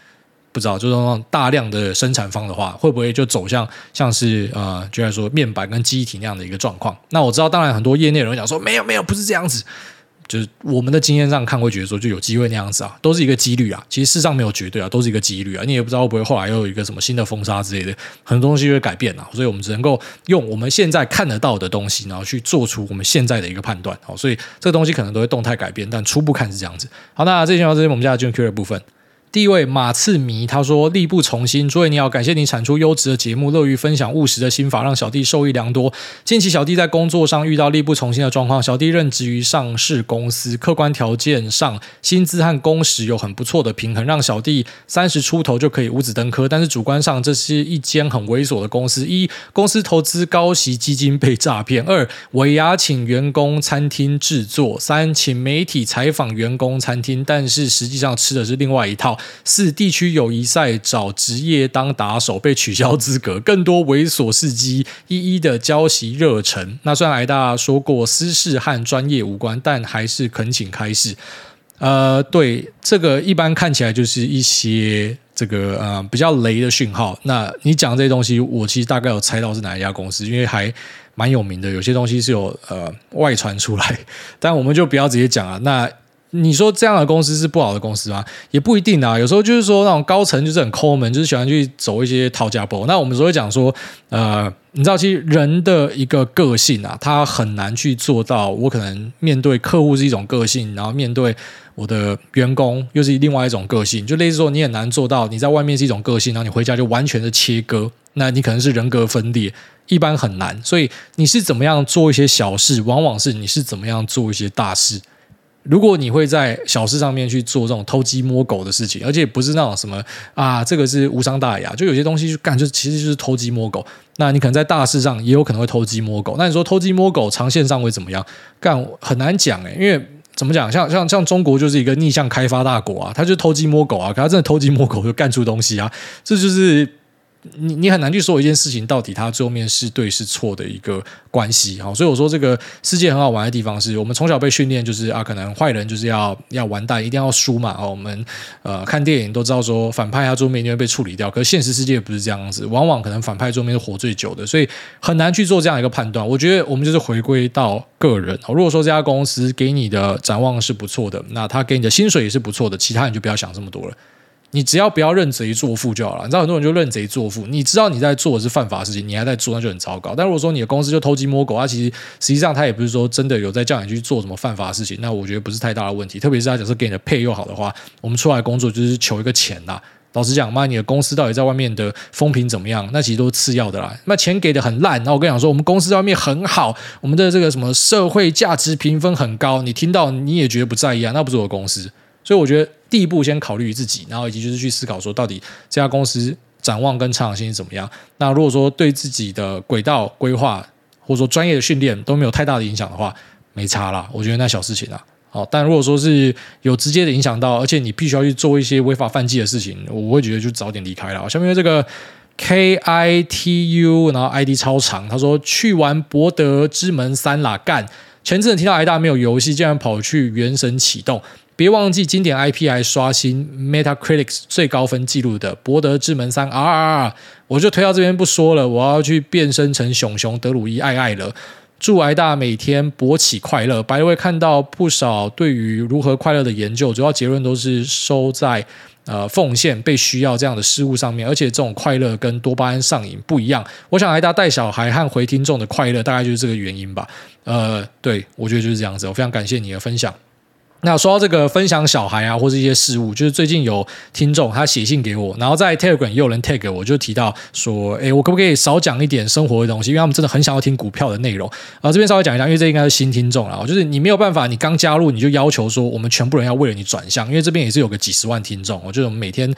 不知道，就是那種大量的生產方的話，會不會就走向像是呃，就像說面板跟記憶體那樣的一個狀況？那我知道，當然很多業內人會講說沒有沒有，不是這樣子。就是我們的經驗上看，會覺得說就有機會那樣子啊，都是一個幾率啊。其實世上沒有絕對啊，都是一個幾率啊。你也不知道會不會後來又有一個什麼新的封殺之類的，很多東西會改變啊。所以我們只能夠用我們現在看得到的東西，然後去做出我們現在的一個判斷。好、哦，所以這個東西可能都會動態改變，但初步看是這樣子。好，那這些節目我們講的就 Q 的部分。第一位馬刺迷，他說，力不從心。諸位你好，感謝你產出優質的節目，樂於分享務實的心法，讓小弟受益良多。近期小弟在工作上遇到力不從心的狀況，小弟任職於上市公司，客觀條件上薪資和工時有很不錯的平衡，讓小弟三十出頭就可以五子登科。但是主觀上，這是一間很猥瑣的公司：一公司投資高息基金被詐騙；二尾牙請員工餐廳製作；三請媒體採訪員工餐廳，但是實際上吃的是另外一套。四地區友誼賽找職業當打手被取消資格，更多猥瑣事蹟一一地澆熄熱忱。那雖然來大家說過私事和專業無關，但還是懇請開示。呃，對這個一般看起來就是一些這個呃比較雷的訊號。那你講這些東西，我其實大概有猜到是哪一家公司，因為還蠻有名的。有些東西是有呃外傳出來，但我們就不要直接講啊。那。你說這樣的公司是不好的公司嗎？也不一定啊。有時候就是說那種高層就是很摳門，就是喜歡去走一些討價包。那我們只會講說，呃，你知道，其實人的一個個性啊，他很難去做到。我可能面對客戶是一種個性，然後面對我的員工又是另外一種個性。就類似說，你很難做到你在外面是一種個性，然後你回家就完全的切割。那你可能是人格分裂，一般很難。所以你是怎麼樣做一些小事，往往是你是怎麼樣做一些大事。如果你會在小事上面去做這種偷雞摸狗的事情，而且不是那種什麼啊，這個是無傷大雅，就有些東西去幹，就其實就是偷雞摸狗。那你可能在大事上也有可能會偷雞摸狗。那你說偷雞摸狗長線上會怎麼樣？幹，很難講哎、欸，因為怎麼講？像像像中國就是一個逆向開發大國啊，他就偷雞摸狗啊，可他真的偷雞摸狗就幹出東西啊，這就是。你你很難去說一件事情到底它最後面是對是錯的一個關係哈，所以我說這個世界很好玩的地方是我們從小被訓練，就是啊可能壞人就是要要完蛋，一定要輸嘛，我們呃看電影都知道說反派他最後面就會被處理掉，可是現實世界不是這樣子，往往可能反派最後面是活最久的，所以很難去做這樣一個判斷。我覺得我們就是回歸到個人，如果說這家公司給你的展望是不錯的，那他給你的薪水也是不錯的，其他你就不要想這麼多了。你只要不要認賊作父就好了。你知道很多人就認賊作父。你知道你在做的是犯法的事情，你還在做，那就很糟糕。但如果說你的公司就偷雞摸狗，啊，它其實實際上他也不是說真的有在叫你去做什麼犯法的事情，那我覺得不是太大的問題。特別是他講說給你的配又好的話，我們出來工作就是求一個錢吶。老實講嘛，你的公司到底在外面的風評怎麼樣？那其實都是次要的啦。那錢給得很爛，然後我跟你講說，我們公司在外面很好，我們的這個什麼社會價值評分很高，你聽到你也覺得不在意啊？那不是我的公司，所以我覺得。第一步先考慮自己，然後以及就是去思考說到底這家公司展望跟成長性怎麼樣。那如果說對自己的軌道規劃或者說專業的訓練都沒有太大的影響的話，沒差啦。我覺得那小事情啊。哦，但如果說是有直接的影響到，而且你必須要去做一些違法犯紀的事情，我會覺得就早點離開了。下面這個 K I T U 然後 I D 超長，他說去玩博德之門三啦，幹，前陣子聽到挨打沒有？遊戲竟然跑去原神啟動。別忘記經典 IP 還刷新 Metacritics 最高分記錄的《博德之門三》啊啊啊！我就推到這邊不說了，我要去變身成熊熊德魯伊愛愛了。祝艾大每天勃起快樂！白會看到不少對於如何快樂的研究，主要結論都是收在呃奉獻、被需要這樣的事物上面，而且這種快樂跟多巴胺上癮不一樣。我想艾大帶小孩和回聽眾的快樂，大概就是這個原因吧。呃，對，我覺得就是這樣子。我非常感謝你的分享。那說到這個分享小孩啊，或者一些事物，就是最近有聽眾他寫信給我，然後在 Telegram 也有人 Tag 給我，我就提到說，哎，我可不可以少講一點生活的東西？因為他們真的很想要聽股票的內容啊。這邊稍微講一下，因為這應該是新聽眾啊，就是你沒有辦法，你剛加入你就要求說我們全部人要為了你轉向，因為這邊也是有個幾十萬聽眾，我覺得我們每天。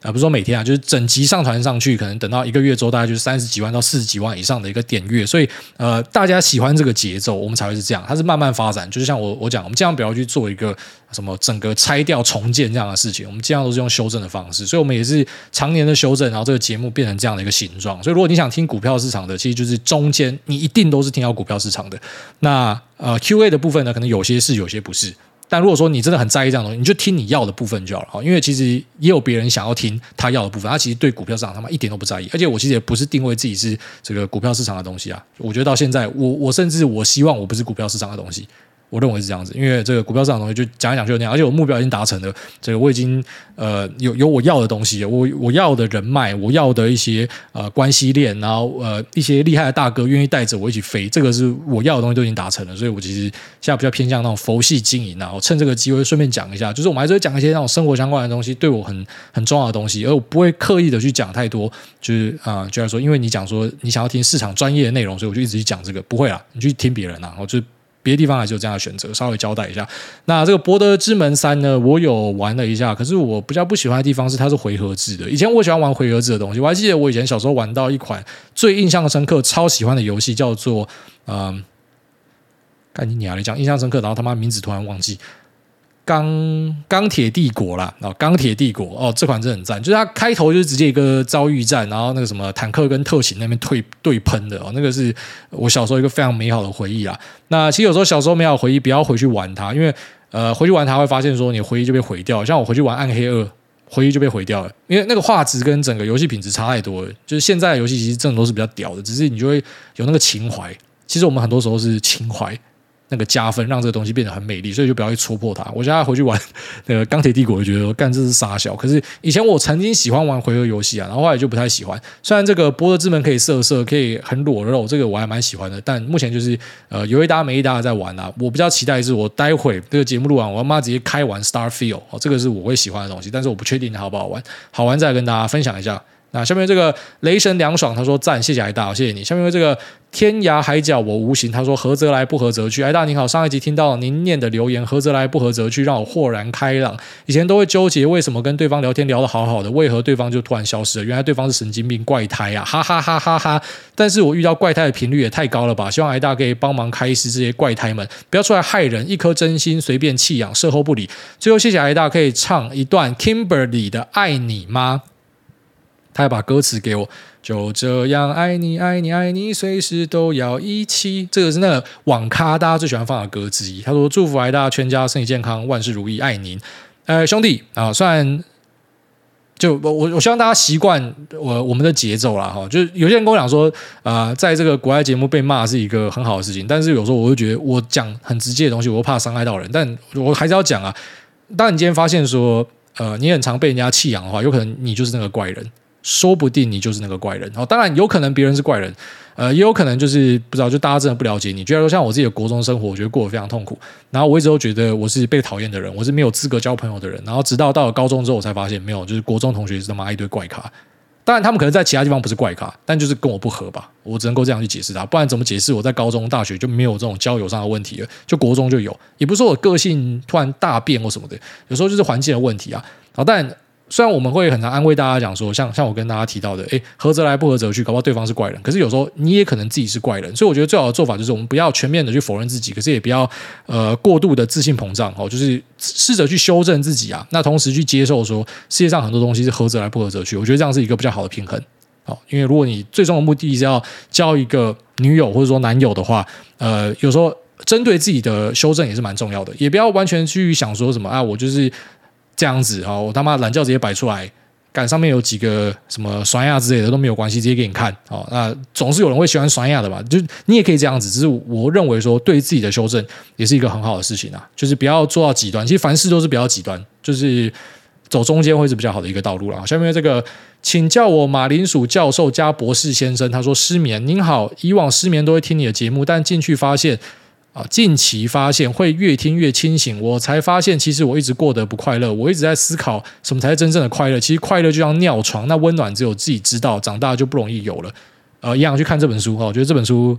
啊、呃，不是說每天啊，就是整集上傳上去，可能等到一個月之後，大概就是三十幾萬到四十幾萬以上的一個點閱，所以呃，大家喜歡這個節奏，我們才會是這樣，它是慢慢發展。就是像我我講，我們盡量不要去做一個什麼整個拆掉重建這樣的事情，我們盡量都是用修正的方式，所以我們也是常年的修正，然後這個節目變成這樣的一個形狀。所以如果你想聽股票市場的，其實就是中間你一定都是聽到股票市場的。那呃，Q&A 的部分呢，可能有些是，有些不是。但如果說你真的很在意這樣的東西，你就聽你要的部分就好了。因為其實也有別人想要聽他要的部分，他其實對股票市場他媽一點都不在意。而且我其實也不是定位自己是這個股票市場的東西啊！我覺得到現在，我我甚至我希望我不是股票市場的東西。我認為是這樣子，因為這個股票市場的東西就講一講就那樣，而且我目標已經達成了，這個我已經呃有有我要的東西，我我要的人脈，我要的一些呃關係鏈，然後呃一些厲害的大哥願意帶着我一起飛，這個是我要的東西都已經達成了，所以我其實現在比較偏向那種佛系經營啊。我趁這個機會順便講一下，就是我們還是會講一些那種生活相關的東西，對我很很重要的東西，而我不會刻意的去講太多，就是啊，呃，就來說，因為你講說你想要聽市場專業的內容，所以我就一直去講這個，不會啊，你去聽別人啊，我就。別的地方還是有這樣的選擇，稍微交代一下。那這個《博德之門三》呢，我有玩了一下，可是我比較不喜歡的地方是它是回合制的。以前我喜歡玩回合制的東西，我還記得我以前小時候玩到一款最印象深刻超喜歡的遊戲，叫做……嗯、呃，幹你娘來講印象深刻，然後他媽名字突然忘記。鋼鋼鐵帝國啦，哦，鋼鐵帝國哦，這款真的很讚，就是它開頭就是直接一個遭遇戰，然後那個什麼坦克跟特勤那邊對對噴的哦，那個是我小時候一個非常美好的回憶啦。那其實有時候小時候美好回憶不要回去玩它，因為呃，回去玩它會發現說你回憶就被毀掉，像我回去玩暗黑二，回憶就被毀掉了，因為那個畫質跟整個遊戲品質差太多了。就是現在遊戲其實真的都是比較屌的，只是你就會有那個情懷。其實我們很多時候是情懷。那個加分讓這個東西變得很美麗，所以就不要去戳破它。我現在回去玩那個鋼鐵帝國，就覺得幹這是啥小。可是以前我曾經喜歡玩回合遊戲啊，然後後來就不太喜歡。雖然這個博德之門可以色色，可以很裸肉，這個我還蠻喜歡的。但目前就是呃有一搭沒一搭的在玩啦、啊。我比較期待的是，我待會這個節目錄完，我媽直接開玩 Starfield，、哦、這個是我會喜歡的東西。但是我不確定它好不好玩，好玩再跟大家分享一下。那、啊、下面這個雷神涼爽他說，讚，謝謝癌大，謝謝你。下面這個天涯海角我無形他說，合則來不合則去。癌大你好，上一集聽到您念的留言合則來不合則去讓我豁然開朗，以前都會糾結，為什麼跟對方聊天聊得好好的，為何對方就突然消失了？原來對方是神經病怪胎啊，哈哈哈哈哈哈！但是我遇到怪胎的頻率也太高了吧？希望癌大可以幫忙開釋這些怪胎們，不要出來害人，一顆真心隨便棄養，事後不理。最後謝謝癌大可以唱一段 Kimberly 的愛你嗎？他還把歌詞給我，就這樣愛你，愛你，愛你，隨時都要一起。這個是那個網咖大家最喜歡放的歌之一。他說：“祝福來大家全家身體健康，萬事如意，愛您。”呃，兄弟啊、哦，雖然就我我希望大家習慣我我們的節奏啦，哈、哦。就有些人跟我講說啊、呃，在這個國外節目被罵是一個很好的事情，但是有時候我會覺得我講很直接的東西，我怕傷害到人。但我還是要講啊，當你今天發現說呃，你很常被人家棄養的話，有可能你就是那個怪人。說不定你就是那個怪人。好，當然有可能別人是怪人，呃，也有可能就是不知道，就大家真的不了解你。覺得說像我自己的國中生活，我覺得過得非常痛苦，然後我一直都覺得我是被討厭的人，我是沒有資格交朋友的人。然後直到到了高中之後，我才發現沒有，就是國中同學是他媽一堆怪咖，當然他們可能在其他地方不是怪咖，但就是跟我不合吧，我只能夠這樣去解釋他，不然怎麼解釋我在高中、大學就沒有這種交友上的問題了？就國中就有，也不是說我個性突然大變或什麼的，有時候就是環境的問題啊。好，但。雖然我們會很常安慰大家講說像，像像我跟大家提到的，誒、欸，合則來，不合則去，搞不好對方是怪人。可是有時候你也可能自己是怪人，所以我覺得最好的做法就是，我們不要全面的去否認自己，可是也不要呃過度的自信膨脹哦，就是試着去修正自己啊。那同時去接受說世界上很多東西是合則來，不合則去。我覺得這樣是一個比較好的平衡好、哦，因為如果你最終的目的是要交一個女友或者說男友的話，呃，有時候針對自己的修正也是蠻重要的，也不要完全去想說什麼啊，我就是。這樣子啊，我他媽懶覺直接擺出來，敢上面有幾個什麼刷牙之類的都沒有關係，直接給你看。那總是有人會喜歡刷牙的吧？就你也可以這樣子，只是我認為說，對自己的修正也是一個很好的事情啊，就是不要做到極端。其實凡事都是比較極端，就是走中間會是比較好的一個道路了。下面這個，請叫我馬鈴薯教授加博士先生，他說失眠。您好，以往失眠都會聽你的節目，但進去發現。啊，近期發現會越聽越清醒，我才發現其實我一直過得不快樂，我一直在思考什麼才是真正的快樂。其實快樂就像尿床，那溫暖只有自己知道，長大就不容易有了。呃，一樣去看這本書哈，我覺得這本書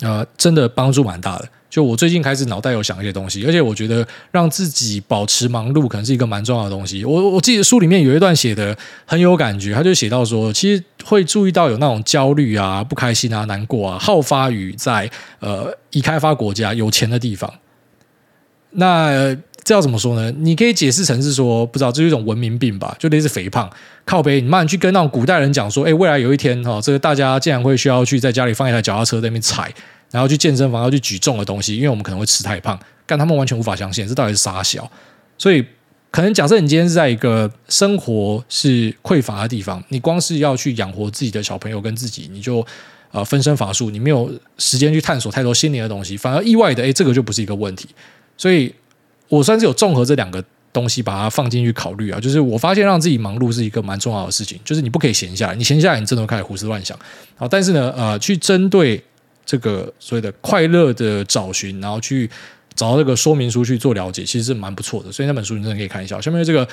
呃真的幫助蠻大的。就我最近開始腦袋有想一些東西，而且我覺得讓自己保持忙碌可能是一個蠻重要的東西。我我記得書裡面有一段寫的很有感覺，他就寫到說，其實會注意到有那種焦慮啊、不開心啊、難過啊，好發於在呃已開發國家有錢的地方。那、呃、這要怎麼說呢？你可以解釋成是說，不知道這是一種文明病吧？就類似肥胖、靠北。你慢慢去跟那種古代人講說，誒、欸，未來有一天哈、哦，這個大家竟然會需要去在家裡放一台腳踏車在那邊踩。然後去健身房，要去舉重的東西，因為我們可能會吃太胖，但他們完全無法相信這到底是三小，所以可能假設你今天是在一個生活是匱乏的地方，你光是要去養活自己的小朋友跟自己，你就呃分身乏術，你沒有時間去探索太多心靈的東西，反而意外的哎，這個就不是一個問題，所以我算是有綜合這兩個東西把它放進去考慮啊，就是我發現讓自己忙碌是一個蠻重要的事情，就是你不可以閒下來，你閒下來你真的會開始胡思亂想，好，但是呢呃去針對。這個所謂的快樂的找尋，然後去。找到這個說明書去做了解，其實是蠻不錯的，所以那本書你真的可以看一下。下面這個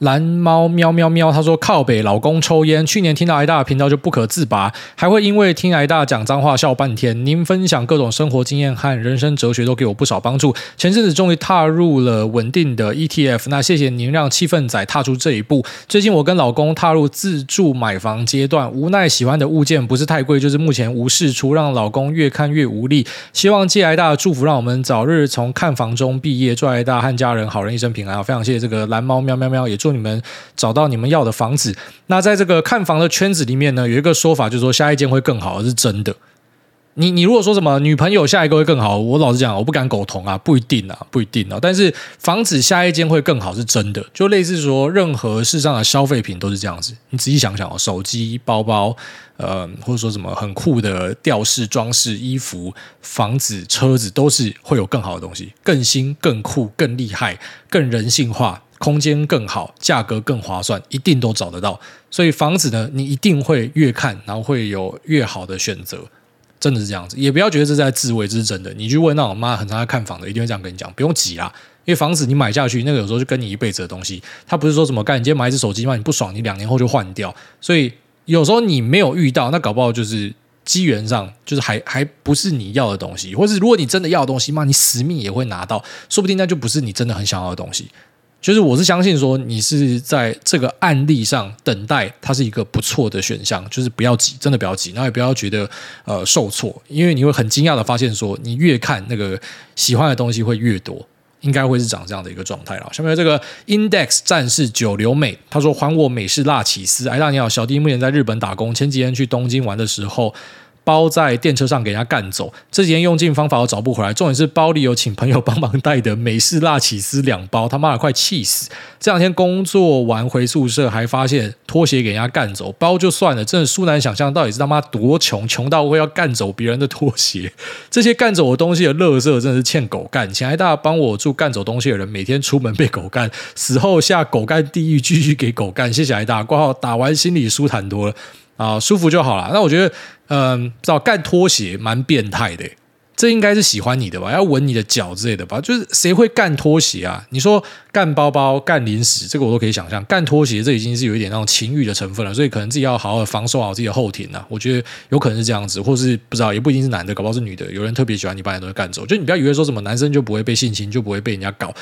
藍貓喵喵喵，他說：“靠北老公抽菸，去年聽到挨大的頻道就不可自拔，還會因為聽挨大講髒話笑半天。您分享各種生活經驗和人生哲學，都給我不少幫助。前陣子終於踏入了穩定的 ETF，那謝謝您讓氣氛仔踏出這一步。最近我跟老公踏入自住買房階段，無奈喜歡的物件不是太貴，就是目前無事出，讓老公越看越無力。希望借挨大的祝福，讓我們早日從。”看房中畢業，祝愛大漢家人，好人一生平安好。非常謝謝這個藍貓喵，喵喵喵，也祝你們找到你們要的房子。那在這個看房的圈子裡面呢，有一個說法，就是說下一間會更好，是真的。你你如果說什麼女朋友下一個會更好，我老實講，我不敢苟同啊，不一定啊，不一定啊。但是房子下一間會更好是真的，就類似說任何時尚的消費品都是這樣子。你仔細想想哦，手機、包包，呃，或者說什麼很酷的吊飾、裝飾、衣服、房子、車子，都是會有更好的東西，更新、更酷、更厲害、更人性化，空間更好，價格更划算，一定都找得到。所以房子呢，你一定會越看，然後會有越好的選擇。真的是這樣子，也不要覺得這是在自慰。這是真的。你去問那種我媽，很常在看房的，一定會這樣跟你講。不用急啦，因為房子你買下去，那個有時候就跟你一輩子的東西。他不是說什麼，干？你今天買一只手機嘛，你不爽，你兩年後就換掉。所以有時候你沒有遇到，那搞不好就是機緣上，就是還還不是你要的東西。或是如果你真的要的東西嘛，你使命也會拿到，說不定那就不是你真的很想要的東西。就是我是相信說，你是在這個案例上等待，它是一個不錯的選項。就是不要急，真的不要急，然後也不要覺得呃受挫，因為你會很驚訝的發現說，你越看那個喜歡的東西會越多，應該會是長這樣的一個狀態了。下面這個 index 戰士九流美，他說還我美式辣起司。哎，大家好，小弟目前在日本打工，前幾天去東京玩的時候，包在電車上給人家幹走，這幾天用盡方法我找不回來。重點是包裡有請朋友幫忙帶的美式辣起司兩包，他媽的快氣死！這兩天工作完回宿舍還發現拖鞋給人家幹走，包就算了，真的舒難想象，到底是他媽多窮，窮到會要幹走別人的拖鞋。這些幹走我東西的勒色，真的是欠狗幹。請癌大幫我祝幹走東西的人，每天出門被狗幹，死後下狗幹地獄，繼續給狗幹。謝謝癌大，掛號打完心裡舒坦多了。啊，舒服就好啦。那我覺得，嗯、呃，不知道幹拖鞋蠻變態的、欸，這應該是喜歡你的吧？要聞你的腳之類的吧？就是誰會幹拖鞋啊？你說幹包包、幹零食，這個我都可以想象。幹拖鞋，這已經是有一點那種情慾的成分了，所以可能自己要好好的防守好自己的後庭啊。我覺得有可能是這樣子，或是不知道，也不一定是男的，搞不好是女的。有人特別喜歡你把男的都幹走，就你不要以為說什麼男生就不會被性侵，就不會被人家搞，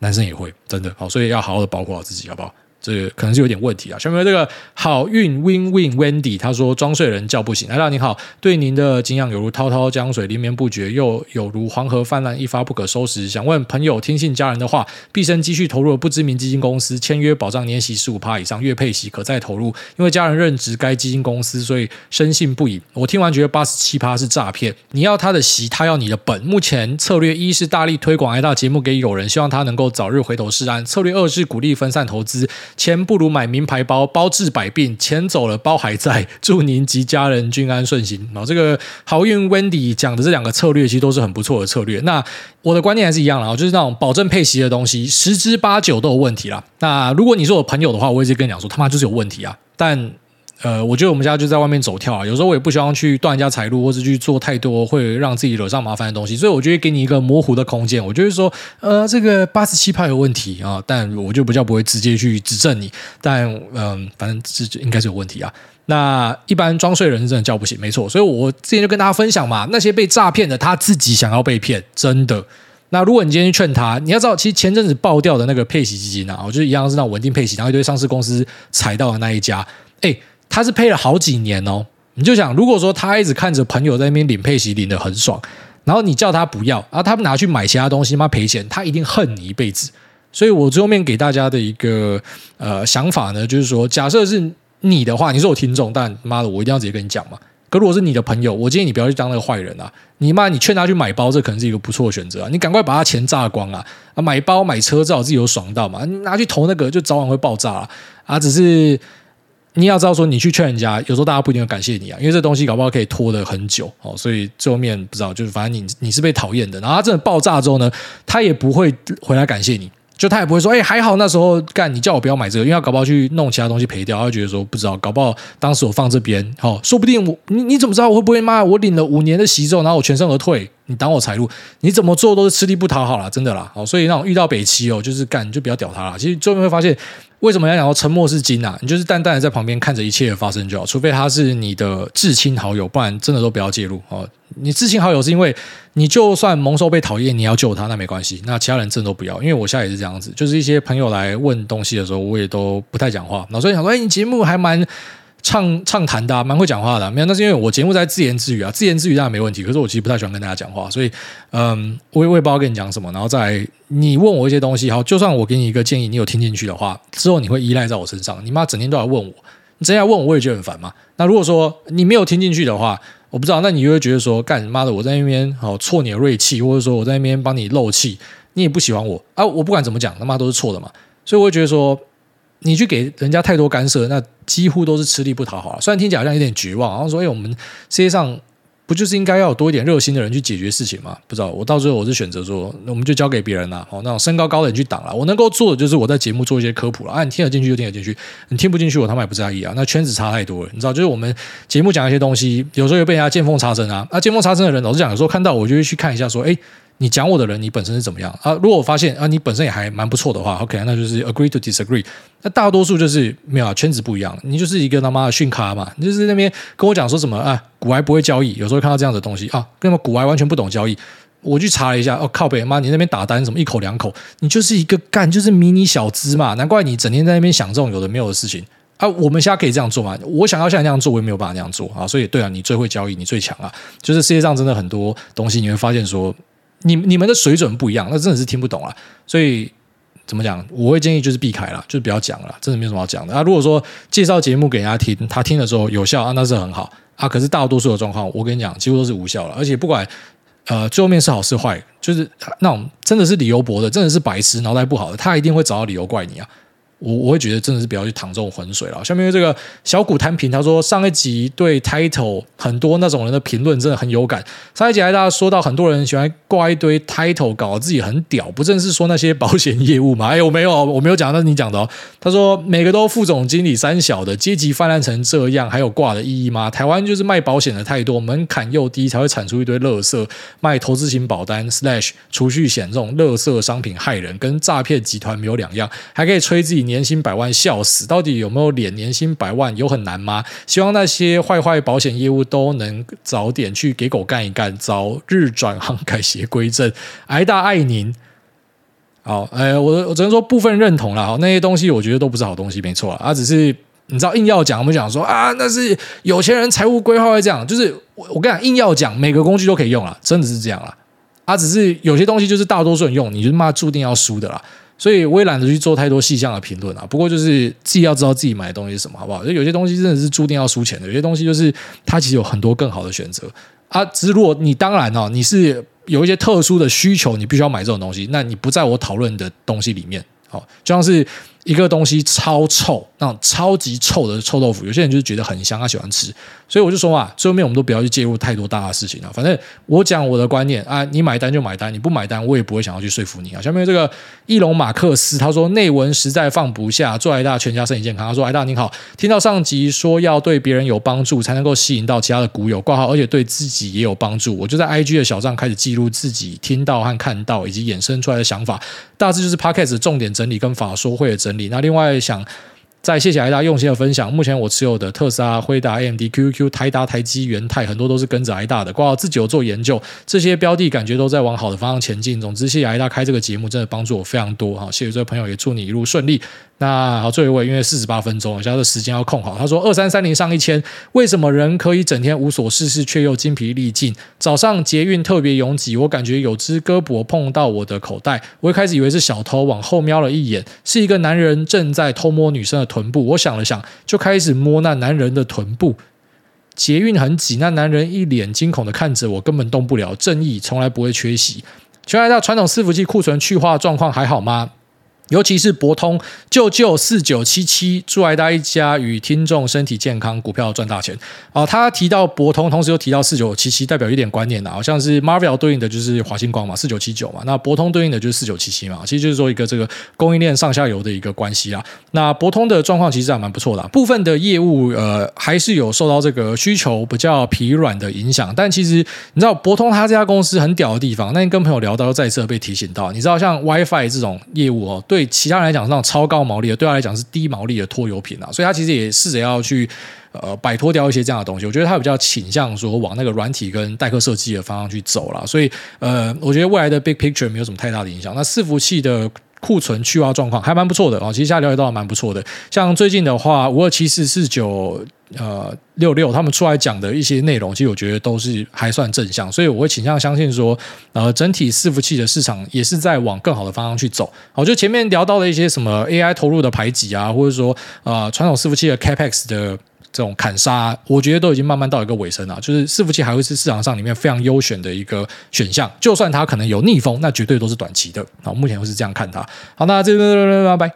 男生也會真的，好，所以要好好的保護好自己，好不好？這個可能是有點問題啊。下面這個好運 Win Win Wendy，他說：“裝睡人叫不醒。”艾到你好，對您的經驗猶如滔滔江水連綿不絕，又有如黃河氾濫一發不可收拾。想問朋友，聽信家人的話，畢生積蓄投入了不知名基金公司簽約保障年息十五趴以上，月配息可再投入。因為家人任職該基金公司，所以深信不疑。我聽完覺得八十七趴是詐騙，你要他的息，他要你的本。目前策略一是大力推廣艾到節目給友人，希望他能夠早日回頭是岸；策略二是鼓勵分散投資。錢不如買名牌包，包治百病。錢走了，包還在。祝您及家人均安順行。然後這個好運 Wendy 講的這兩個策略，其實都是很不錯的策略。那我的觀念還是一樣的啊，就是那種保證配息的東西，十之八九都有問題啦。那如果你是我朋友的話，我會直接跟你講說，他媽就是有問題啊。但呃，我覺得我們現在就在外面走跳啊，有時候我也不希望去斷人家財路，或者去做太多會讓自己惹上麻煩的東西，所以我就會給你一個模糊的空間。我就是說，呃，這個八十七派有問題啊，但我就比較不會直接去指正你，但嗯、呃，反正是應該是有問題啊。那一般裝睡人，是真的叫不醒，沒錯。所以，我之前就跟大家分享嘛，那些被詐騙的他自己想要被騙，真的。那如果你今天去勸他，你要知道，其實前陣子爆掉的那個配息基金啊，我覺得一樣是那穩定配息，然後一堆上市公司踩到的那一家，哎。他是配了好幾年哦，你就想，如果說他一直看着朋友在那邊領配息領得很爽，然後你叫他不要，啊，他們拿去買其他東西，他賠錢，他一定恨你一輩子。所以我最後面給大家的一個呃想法呢，就是說，假設是你的話，你是我聽眾，但媽的，我一定要直接跟你講嘛。可如果是你的朋友，我建議你不要去當那個壞人啊。你媽，你勸他去買包，這可能是一個不錯的選擇啊。你趕快把他錢榨光啊，啊，買包買車至少自己有爽到嘛。你拿去投那個，就早晚會爆炸啊，啊，只是。你要知道，說你去勸人家，有時候大家不一定要感謝你啊，因為這東西搞不好可以拖得很久哦，所以最後面不知道，就是反正你你是被討厭的。然後他真的爆炸之後呢，他也不會回來感謝你，就他也不會說，哎、欸，還好那時候幹，你叫我不要買這個，因為要搞不好去弄其他東西賠掉，他覺得說不知道，搞不好當時我放這邊，哦，說不定我你你怎麼知道我會不會罵？我領了五年的息之後，然後我全身而退。你擋我財路，你怎麼做都是吃力不討好啦，真的啦。好，所以那種遇到北七哦，就是幹就不要屌他了。其實最後面會發現，為什麼要講到沉默是金吶、啊？你就是淡淡的在旁邊看着一切的發生就好，除非他是你的至親好友，不然真的都不要介入。你至親好友是因為你就算蒙受被討厭，你要救他那沒關係，那其他人真的都不要。因為我現在也是這樣子，就是一些朋友來問東西的時候，我也都不太講話。所以想說，哎、欸，你節目還蠻。暢暢談的、啊，蠻會講話的、啊，沒有。那是因為我節目在自言自語啊，自言自語當然沒問題。可是我其實不太喜歡跟大家講話，所以，嗯，我也我也不知道跟你講什麼。然後再來你問我一些東西，好，就算我給你一個建議，你有聽進去的話，之後你會依賴在我身上，你媽整天都來問我，你整天要問我我也覺得很煩嘛。那如果說你沒有聽進去的話，我不知道，那你就會覺得說，幹什麼的，我在那邊好挫、哦、你的銳氣，或者說我在那邊幫你漏氣，你也不喜歡我啊，我不管怎麼講，他媽都是錯的嘛。所以我會覺得說，你去給人家太多干涉，那幾乎都是吃力不討好了。雖然聽起來好像有點絕望，然後說：“哎、欸，我們世界上不就是應該要有多一點熱心的人去解決事情嗎？”不知道我到最後我是選擇說，那我們就交給別人啦。哦，那種身高高的你去擋了。我能夠做的就是我在節目做一些科普了、啊。你聽得進去就聽得進去，你聽不進去我他媽也不在意啊。那圈子差太多了，你知道，就是我們節目講一些東西，有時候又被人家見縫插針啊。啊，見縫插針的人老是講，有時候看到我就會去看一下，說：“哎、欸。”你講我的人，你本身是怎麼樣啊？如果我發現啊，你本身也還蠻不錯的話，OK，那就是 agree to disagree。那大多數就是沒有、啊、圈子不一樣，你就是一個他媽的遜咖嘛，你就是那邊跟我講說什麼啊，股癌不會交易，有時候會看到這樣的東西啊，跟他們股癌完全不懂交易。我去查了一下，哦、啊、靠北，北媽你那邊打單怎麼一口兩口？你就是一個幹就是迷你小資嘛，難怪你整天在那邊想這種有的沒有的事情啊。我們現在可以這樣做嗎？我想要像你那樣做，我也沒有辦法那樣做啊。所以對啊，你最會交易，你最強啊。就是世界上真的很多東西，你會發現說。你你們的水準不一樣，那真的是聽不懂啊！所以怎麼講？我會建議就是避開了，就是不要講了，真的沒什麼好講的啊。如果說介紹節目給人家聽，他聽的時候有效，啊、那是很好啊。可是大多數的狀況，我跟你講，幾乎都是無效了。而且不管呃，最後面是好是壞，就是那種真的是理由薄的，真的是白痴腦袋不好的，他一定會找到理由怪你啊。我我會覺得真的是不要去趟這種渾水了。下面這個小股攤平，他說上一集對 title 很多那種人的評論真的很有感。上一集還大家說到很多人喜歡掛一堆 title 搞得自己很屌，不正是說那些保險業務嗎？哎呦我沒有我沒有講，那是你講的哦。他說每個都副總經理三小的階級氾濫成這樣，還有掛的意義嗎？台灣就是賣保險的太多，門檻又低，才會產出一堆樂色賣投資型保單 slash 儲蓄險這種樂色商品害人，跟詐騙集團沒有兩樣，還可以吹自己。年薪百萬笑死，到底有沒有臉？年薪百萬有很難嗎？希望那些壞壞保險業務都能早點去給狗幹一乾，早日轉行改邪歸正，挨打愛您。好，哎、欸，我我只能說部分認同了。好，那些東西我覺得都不是好東西，沒錯。啊，只是你知道硬要講，我們講說啊，那是有錢人財務規劃會這樣。就是我跟你講，硬要講，每個工具都可以用了，真的是這樣了。啊，只是有些東西就是大多數人用，你就罵注定要輸的啦。所以我也懶得去做太多細項的評論啊。不過就是自己要知道自己買的東西是什麼，好不好？就有些東西真的是注定要輸錢的，有些東西就是它其實有很多更好的選擇啊。只是如果你當然哦，你是有一些特殊的需求，你必須要買這種東西，那你不在我討論的東西裡面。好，就像是一個東西超臭，那種超級臭的臭豆腐，有些人就是覺得很香，他喜歡吃。所以我就說啊，最後面我們都不要去介入太多大的事情啊。反正我講我的觀念啊，你買單就買單，你不買單，我也不會想要去說服你啊。下面這個伊隆馬克思他說內文實在放不下。祝艾大全家身體健康。他說艾大您好，聽到上集說要對別人有幫助，才能夠吸引到其他的股友掛號，而且對自己也有幫助。我就在 IG 的小帳開始記錄自己聽到和看到，以及衍生出來的想法，大致就是 Podcast 重點整理跟法說會的整理。那另外想。再謝謝癌大用心的分享，目前我持有的特斯拉、輝達、AMD、QQQ、台達、台積、元太，很多都是跟着癌大的。剛好自己有做研究，這些標的感覺都在往好的方向前進，總之，謝謝癌大開這個節目，真的幫助我非常多哈。謝謝這位朋友，也祝你一路順利。那好，最後一位，因為四十八分鐘，我現在時間要控好。他說：“二三三零上一千，為什麼人可以整天無所事事，卻又精疲力盡？早上捷運特別擁擠，我感覺有隻胳膊碰到我的口袋，我一開始以為是小偷，往後瞄了一眼，是一個男人正在偷摸女生的臀部。我想了想，就開始摸那男人的臀部。捷運很擠，那男人一臉驚恐的看着我，根本動不了。正義從來不會缺席。全來大傳統伺服器庫存去化狀況還好嗎？”尤其是博通，就就四九七七，祝愛達一家與聽眾身體健康，股票賺大錢啊、呃！他提到博通，同時又提到四九七七，代表一點觀念啦，好像是 Marvel 對應的就是華星光嘛，四九七九嘛，那博通對應的就是四九七七嘛，其實就是說一個這個供應鏈上下游的一個關係啊。那博通的狀況其實還蠻不錯的、啊，部分的業務呃還是有受到這個需求比較疲軟的影響，但其實你知道博通他這家公司很屌的地方，那你跟朋友聊到，又再次被提醒到，你知道像 WiFi 這種業務哦。對其他人來講，是那種超高毛利的，對他來講是低毛利的拖油瓶啊，所以他其實也試着要去，呃，擺脫掉一些這樣的東西。我覺得他比較傾向說往那個軟體跟代客設計的方向去走了。所以，呃，我覺得未來的 big picture 沒有什麼太大的影響。那伺服器的庫存去化狀況還蠻不錯的啊、哦，其實大家了解到蠻不錯的。像最近的話，五二七四四九。呃，六六他們出來講的一些內容，其實我覺得都是還算正向，所以我會傾向相信說，呃，整體伺服器的市場也是在往更好的方向去走。好，就前面聊到的一些什麼 AI 投入的排擠啊，或者說呃傳統伺服器的 Capex 的這種砍殺，我覺得都已經慢慢到一個尾聲了。就是伺服器還會是市場上裡面非常優選的一個選項，就算它可能有逆風，那絕對都是短期的。好，目前會是這樣看它。好，那這邊拜拜。